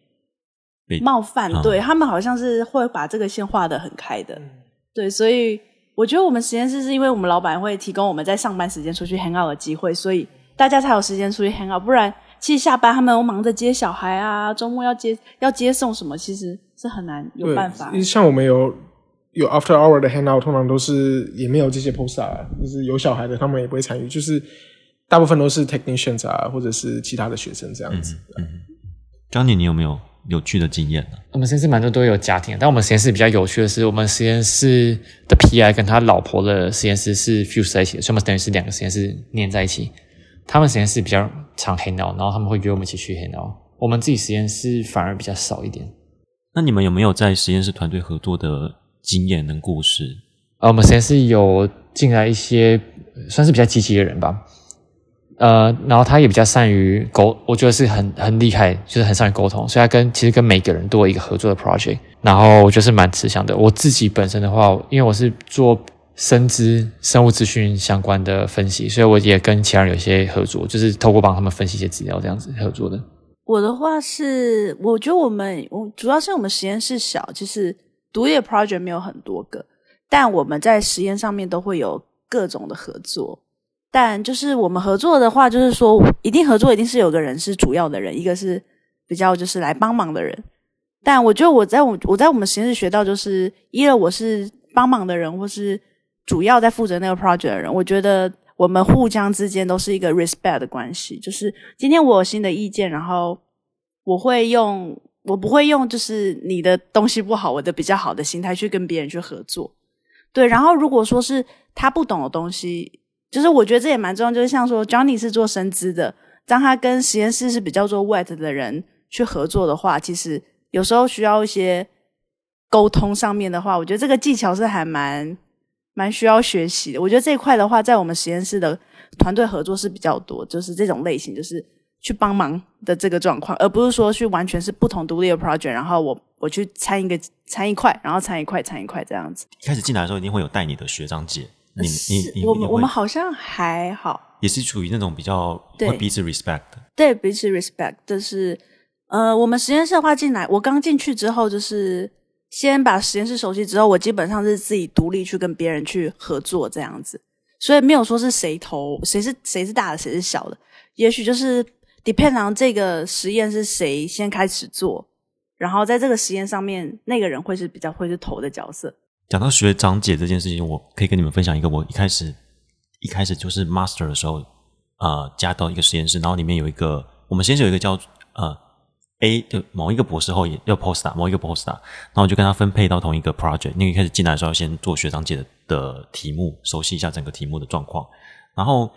冒犯，嗯、對他們好像是會把這個線畫得很開的、嗯。對，所以我覺得我們實驗室是因為我們老板會提供我們在上班時間出去 hang out 的機會，所以。大家才有時間出去 hang out，不然其實下班他們都忙着接小孩啊，周末要接要接送什麼，其實是很難有辦法。像我們有有 after hour 的 hang out，通常都是也沒有這些 poster、啊、就是有小孩的他們也不會參與，就是大部分都是 technicians 啊，或者是其他的學生這樣子、啊。嗯，張、嗯、你、嗯、你有沒有有趣的經驗呢、啊？我們實驗室蠻多都有家庭，但我們實驗室比較有趣的是，我們實驗室的 PI 跟他老婆的實驗室是 fuse 在一起的，所以我 s 等於是兩個實驗室粘在一起。他們實驗室比較常 hang out，然後他們會約我們一起去 hang out。我們自己實驗室反而比較少一點。那你們有沒有在實驗室團隊合作的經驗跟故事？呃，我們實驗室有進來一些算是比較積極的人吧。呃，然後他也比較善於溝，我覺得是很很厲害，就是很善於溝通，所以他跟其實跟每個人都有一個合作的 project。然後我覺得是蠻慈祥的。我自己本身的話，因為我是做。生資生物資訊相關的分析，所以我也跟其他人有些合作，就是透過幫他們分析一些資料，這樣子合作的。我的話是，我覺得我們我主要是我們實驗室小，就是獨立 project 沒有很多個，但我們在實驗上面都會有各種的合作。但就是我們合作的話，就是說一定合作一定是有個人是主要的人，一個是比較就是來幫忙的人。但我覺得我在我我在我們實驗室學到就是，一來我是幫忙的人，或是。主要在負責那個 project 的人，我覺得我們互相之間都是一個 respect 的關係。就是今天我有新的意見，然後我會用，我不會用，就是你的東西不好，我的比較好的心態去跟別人去合作。對，然後如果說是他不懂的東西，就是我覺得這也蠻重要。就是像說 Johnny 是做生資的，當他跟實驗室是比較做 wet 的人去合作的話，其實有時候需要一些溝通上面的話，我覺得這個技巧是還蠻。蠻需要學習的，我覺得這一塊的話，在我們實驗室的團隊合作是比較多，就是這種類型，就是去幫忙的這個狀況，而不是說去完全是不同獨立的 project，然後我我去參一個參一塊，然後參一塊參一塊這樣子。一開始進來的時候，一定會有帶你的學長姐，你你,你,你我們你我們好像還好，也是處於那種比較會彼此,對彼此 respect，對彼此 respect，就是呃，我們實驗室的話進來，我剛進去之後就是。先把實驗室熟悉之後，我基本上是自己獨立去跟別人去合作這樣子，所以沒有說是誰投誰是誰是大的誰是小的，也許就是 depend on 這個實驗是誰先開始做，然後在這個實驗上面那個人會是比較會是投的角色。講到學長姐這件事情，我可以跟你們分享一個，我一開始一開始就是 master 的時候，呃，加到一個實驗室，然後裡面有一個我們實驗室有一個叫呃。A 的某一個博士後也要 poster，某一個 poster，然後我就跟他分配到同一個 project。因為一開始進來的時候要先做學長姐的的題目，熟悉一下整個題目的狀況。然後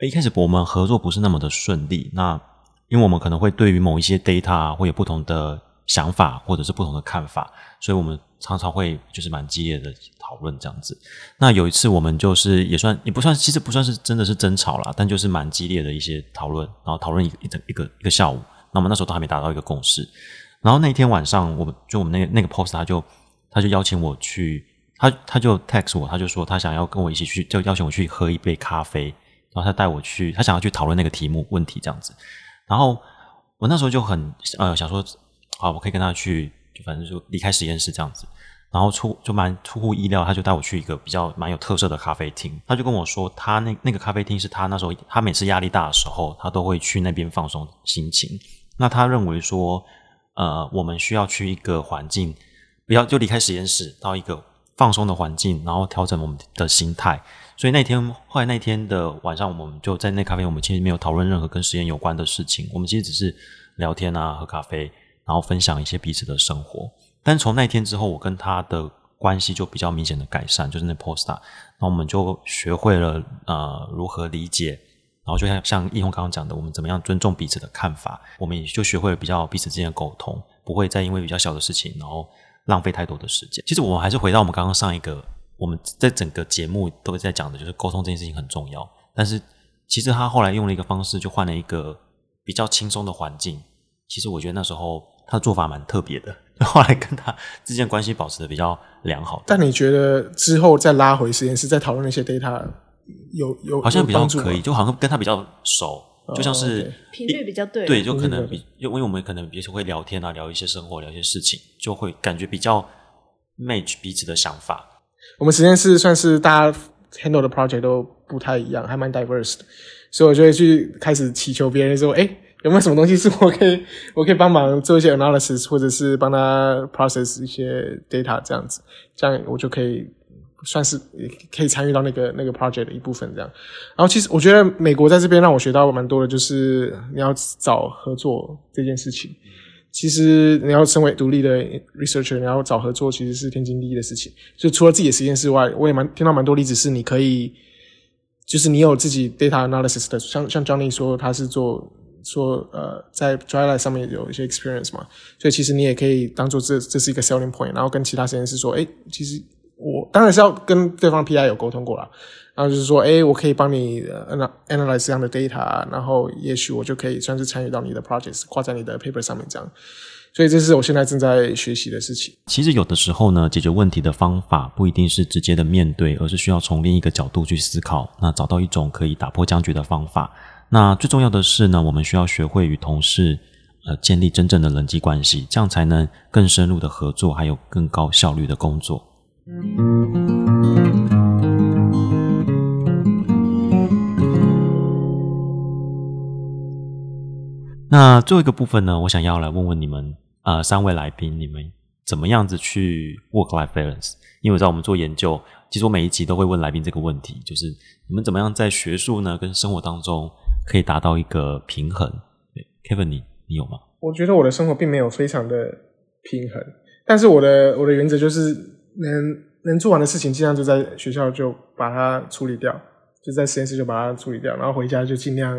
一開始博我們合作不是那麼的順利，那因為我們可能會對於某一些 data 會有不同的想法，或者是不同的看法，所以我們常常會就是蠻激烈的討論這樣子。那有一次我們就是也算也不算，其實不算是真的是爭吵啦，但就是蠻激烈的一些討論，然後討論一整一個一個下午。那麼那時候都還沒達到一個共識，然後那一天晚上，我們就我們那個那個 post 他就他就邀請我去，他他就 text 我，他就說他想要跟我一起去，就邀請我去喝一杯咖啡，然後他帶我去，他想要去討論那個題目問題這樣子。然後我那時候就很呃想說，好我可以跟他去，就反正就離開實驗室這樣子。然後出就蠻出乎意料，他就帶我去一個比較蠻有特色的咖啡廳。他就跟我說，他那那個咖啡廳是他那時候他每次壓力大的時候，他都會去那邊放鬆心情。那他認為說，呃，我們需要去一個環境，不要就離開實驗室，到一個放鬆的環境，然後調整我們的心態。所以那天後來那天的晚上，我們就在那咖啡，我們其實沒有討論任何跟實驗有關的事情，我們其實只是聊天啊，喝咖啡，然後分享一些彼此的生活。但從那天之後，我跟他的關係就比較明顯的改善，就是那 p o s t a r 那我們就學會了呃如何理解。然後就像像依鴻剛剛講的，我們怎麼樣尊重彼此的看法？我們也就學會了比較彼此之間的溝通，不會再因為比較小的事情，然後浪費太多的時間。其實我們還是回到我們剛剛上一個，我們在整個節目都在講的就是溝通這件事情很重要。但是其實他後來用了一個方式，就換了一個比較輕鬆的環境。其實我覺得那時候他的做法蠻特別的，後來跟他之間關係保持得比較良好。但你覺得之後再拉回實驗室，再討論那些 data？有有，好像比較可以，就好像跟他比較熟，就像是 oh, okay. 頻率比較對，對，就可能比，因為，我們可能比較會聊天啊，聊一些生活，聊一些事情，就會感覺比較 match 彼此的想法。我們實驗室算是大家 handle 的 project 都不太一樣，還蠻 diverse 的，所以我就會去開始祈求別人說，哎、欸，有沒有什麼東西是我可以，我可以幫忙做一些 analysis，或者是幫他 process 一些 data 這樣子，這樣我就可以。算是可以參與到那個那個 project 的一部分這樣，然後其實我覺得美國在這邊讓我學到蠻多的，就是你要找合作這件事情。其實你要身為獨立的 researcher，你要找合作其實是天經地義的事情。就除了自己的實驗室外，我也蠻聽到蠻多例子是你可以，就是你有自己 data analysis 的，像像 Johnny 說他是做說呃在 dry lab 上面有一些 experience 嘛，所以其實你也可以當做這這是一個 selling point，然後跟其他實驗室說，誒、欸，其實。我當然是要跟對方 PI 有溝通過啦，然後就是說，哎，我可以幫你 analyze 這樣的 data，然後也許我就可以算是參與到你的 projects 掛在你的 paper 上面這樣。所以這是我現在正在學習的事情。其實有的時候呢，解決問題的方法不一定是直接的面對，而是需要從另一個角度去思考，那找到一種可以打破僵局的方法。那最重要的是呢，我們需要學會與同事呃建立真正的人際關係，這樣才能更深入的合作，還有更高效率的工作。那最後一個部分呢，我想要來問問你們，呃，三位來賓，你們怎麼樣子去 work-life balance？因為我知道我們做研究，其實我每一集都會問來賓這個問題，就是你們怎麼樣在學術呢跟生活當中可以達到一個平衡？Kevin，你你有嗎？我覺得我的生活並沒有非常的平衡，但是我的我的原則就是。能能做完的事情，盡量就在學校就把它處理掉，就在實驗室就把它處理掉，然後回家就盡量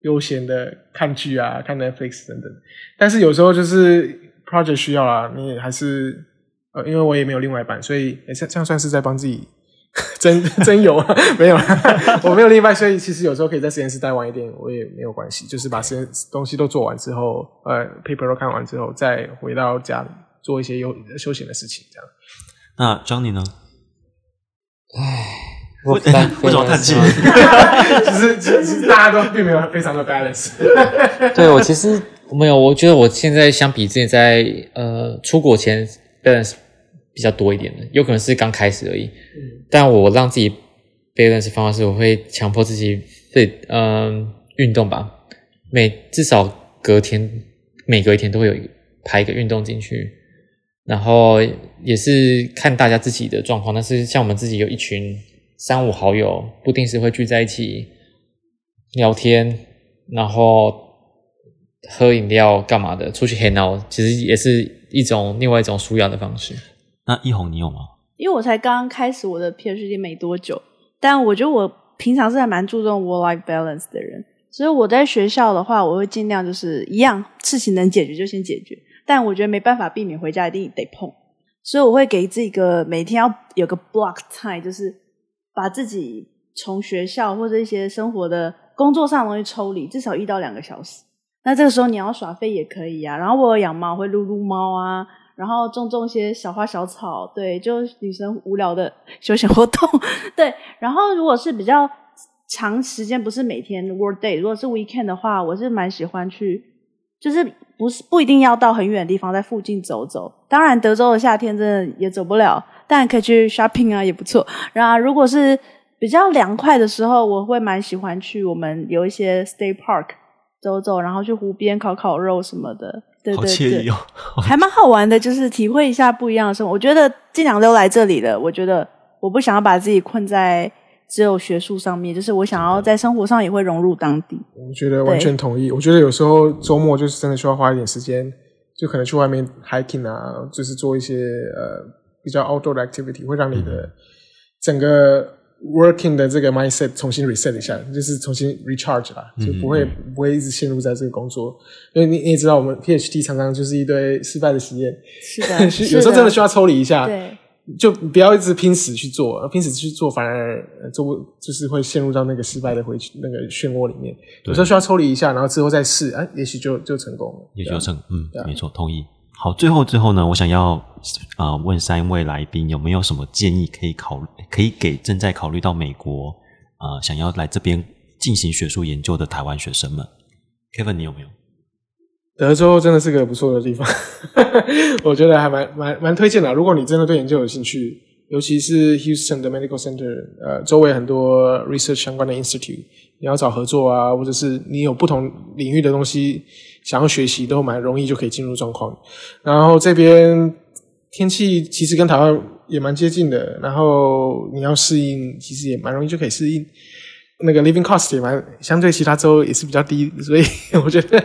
悠閒的看劇啊、看 Netflix 等等。但是有時候就是 project 需要啊，你也還是呃，因為我也沒有另外一半，所以像像算是在幫自己 [LAUGHS] 真，真有油。 [LAUGHS] 沒有， [LAUGHS] 我沒有另外一半，所以其實有時候可以在實驗室待晚一點，我也沒有關係。就是把實驗室東西都做完之後，呃，paper 都看完之後，再回到家裡。做一些的休休閒的事情，這樣。那 Johnny 呢？唉，我我怎、欸、麼嘆氣？其 [LAUGHS] [LAUGHS] 是，其實大家都並沒有非常的 balance。 [LAUGHS] 對我其實沒有，我覺得我現在相比自己在呃出國前 balance 比較多一點的，有可能是剛開始而已、嗯。但我讓自己 balance 方法是，我會強迫自己對嗯運、呃、動吧，每至少隔天，每隔一天都會有排一個運動進去。然後也是看大家自己的狀況，但是像我們自己有一群三五好友，不定時會聚在一起聊天，然後喝飲料幹嘛的，出去 hang out，其實也是一種另外一種舒壓的方式。那依鴻，你有嗎？因為我才剛剛開始我的 PhD 沒多久，但我覺得我平常是還蠻注重 work-life balance 的人，所以我在學校的話，我會盡量就是一樣事情能解決就先解決。但我覺得沒辦法避免回家一定得碰，所以我會給自己一個每天要有個 block time，就是把自己從學校或者一些生活的工作上容易抽離，至少一到兩個小時。那這個時候你要耍廢也可以啊，然後我有養貓會擼擼貓啊，然後種種一些小花小草，對，就女生無聊的休閒活動，對。然後如果是比較長時間，不是每天 work day，如果是 weekend 的話，我是蠻喜歡去。就是不是不一定要到很遠的地方，在附近走走。當然，德州的夏天真的也走不了，但可以去 shopping 啊，也不錯。然後，如果是比較涼快的時候，我會蠻喜歡去我們有一些 state park 走走，然後去湖邊烤烤肉什麼的。對對對，好愜意哦、對 [LAUGHS] 還蠻好玩的，就是體會一下不一樣的生活。我覺得既然都來這裡了，我覺得我不想要把自己困在。只有學術上面，就是我想要在生活上也會融入當地。我覺得完全同意。我覺得有時候周末就是真的需要花一點時間，就可能去外面 hiking 啊，就是做一些呃比較 outdoor activity，會讓你的整個 working 的這個 mindset 重新 reset 一下，就是重新 recharge 啦，就不會嗯嗯嗯不會一直陷入在這個工作。因為你，你也知道，我們 PhD 常常就是一堆失敗的實驗，是的， [LAUGHS] 有時候真的需要抽離一下。對。就不要一直拼死去做，拼死去做反而就就是會陷入到那個失敗的回去那個漩渦裡面。對。有時候需要抽離一下，然後之後再試，啊，也許就就成功了，也許就成功。嗯，沒錯，同意。好，最後最後呢，我想要啊、呃、問三位來賓有沒有什麼建議可以考慮，可以給正在考慮到美國啊、呃、想要來這邊進行學術研究的台灣學生們？Kevin，你有沒有？德州真的是個不錯的地方， [LAUGHS] 我覺得還蠻蠻蠻推薦的。如果你真的對研究有興趣，尤其是 Houston 的 Medical Center，呃，週圍很多 research 相關的 Institute，你要找合作啊，或者是你有不同領域的東西想要學習，都蠻容易就可以進入狀況。然後這邊天氣其實跟台灣也蠻接近的，然後你要適應，其實也蠻容易就可以適應。那個 living cost 也蠻相對其他州也是比較低，所以我覺得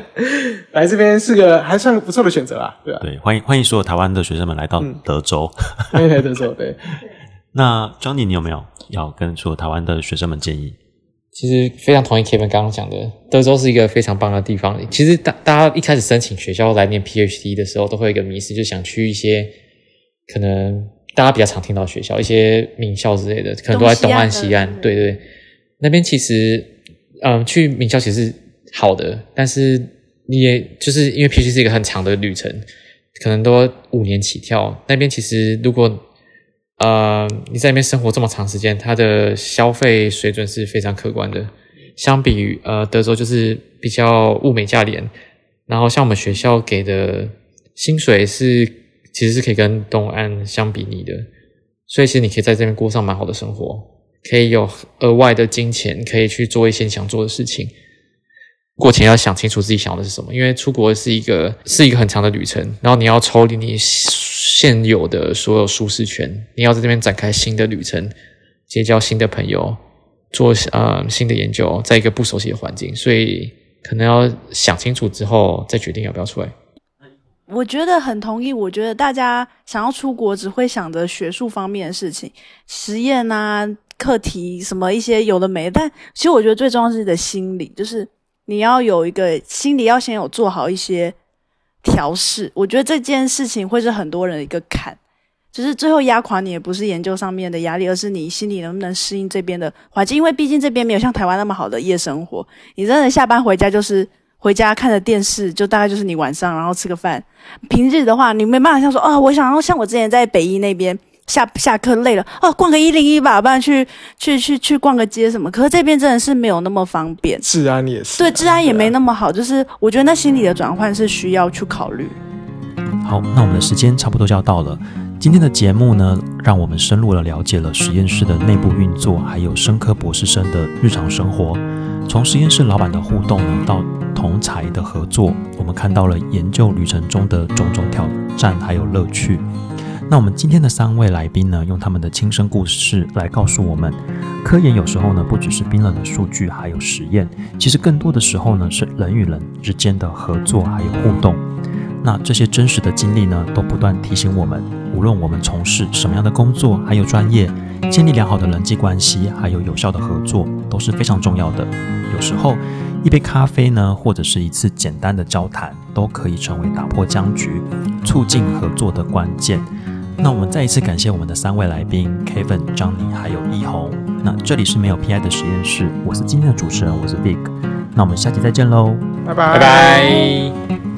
來這邊是個還算不錯的選擇啊，對吧？對，歡迎歡迎所有台灣的學生們來到德州，嗯、歡迎來德州。對， [LAUGHS] 那 Johnny，你有沒有要跟所有台灣的學生們建議？其實非常同意 Kevin 剛剛講的，德州是一個非常棒的地方。其實大大家一開始申請學校來念 PhD 的時候，都會有一個迷失，就想去一些可能大家比較常聽到的學校，一些名校之類的，可能都在東岸、西岸，西對,對對。那邊其實，嗯、呃，去名校其實好的，但是你也就是因為 PhD 是一個很長的旅程，可能都五年起跳。那邊其實如果呃你在那邊生活這麼長時間，它的消費水準是非常可觀的，相比於呃德州就是比較物美價廉。然後像我們學校給的薪水是其實是可以跟東岸相比擬的，所以其實你可以在這邊過上蠻好的生活。可以有額外的金錢，可以去做一些想做的事情。過前要想清楚自己想的是什麼，因為出國是一個是一個很長的旅程，然後你要抽離你現有的所有舒適圈，你要在那邊展開新的旅程，結交新的朋友，做呃新的研究，在一個不熟悉的環境，所以可能要想清楚之後再決定要不要出來。我覺得很同意，我覺得大家想要出國只會想着學術方面的事情，實驗啊。課題什麼一些有的沒，但其實我覺得最重要的是你的心理，就是你要有一個心理，要先有做好一些調適。我覺得這件事情會是很多人一個坎，就是最後壓垮你也不是研究上面的壓力，而是你心裡能不能適應這邊的環境，因為畢竟這邊沒有像台灣那麼好的夜生活。你真的下班回家就是回家看着電視，就大概就是你晚上然後吃個飯。平日的話，你沒辦法像說啊、哦，我想要像我之前在北醫那邊。下下課累了哦，逛個一零一吧，不然去去去去逛個街什麼。可是這邊真的是沒有那麼方便。治安、啊、也是、啊。對，治安也沒那麼好、啊，就是我覺得那心理的轉換是需要去考慮。好，那我們的時間差不多就要到了。今天的節目呢，讓我們深入了了解了實驗室的內部運作，還有生科博士生的日常生活。從實驗室老板的互動呢到同儕的合作，我們看到了研究旅程中的種種挑戰還有樂趣。那我們今天的三位來賓呢，用他們的親身故事來告訴我們，科研有時候呢，不只是冰冷的數據，還有實驗。其實更多的時候呢，是人與人之間的合作還有互動。那這些真實的經歷呢，都不斷提醒我們，無論我們從事什麼樣的工作還有專業，建立良好的人際關係還有有效的合作都是非常重要的。有時候一杯咖啡呢，或者是一次簡單的交談，都可以成為打破僵局、促進合作的關鍵。那我們再一次感謝我們的三位來賓 Kevin、Johnny 還有依鴻。那這裡是沒有 PI 的實驗室，我是今天的主持人，我是 Vic。那我們下期再見嘍，拜拜。Bye bye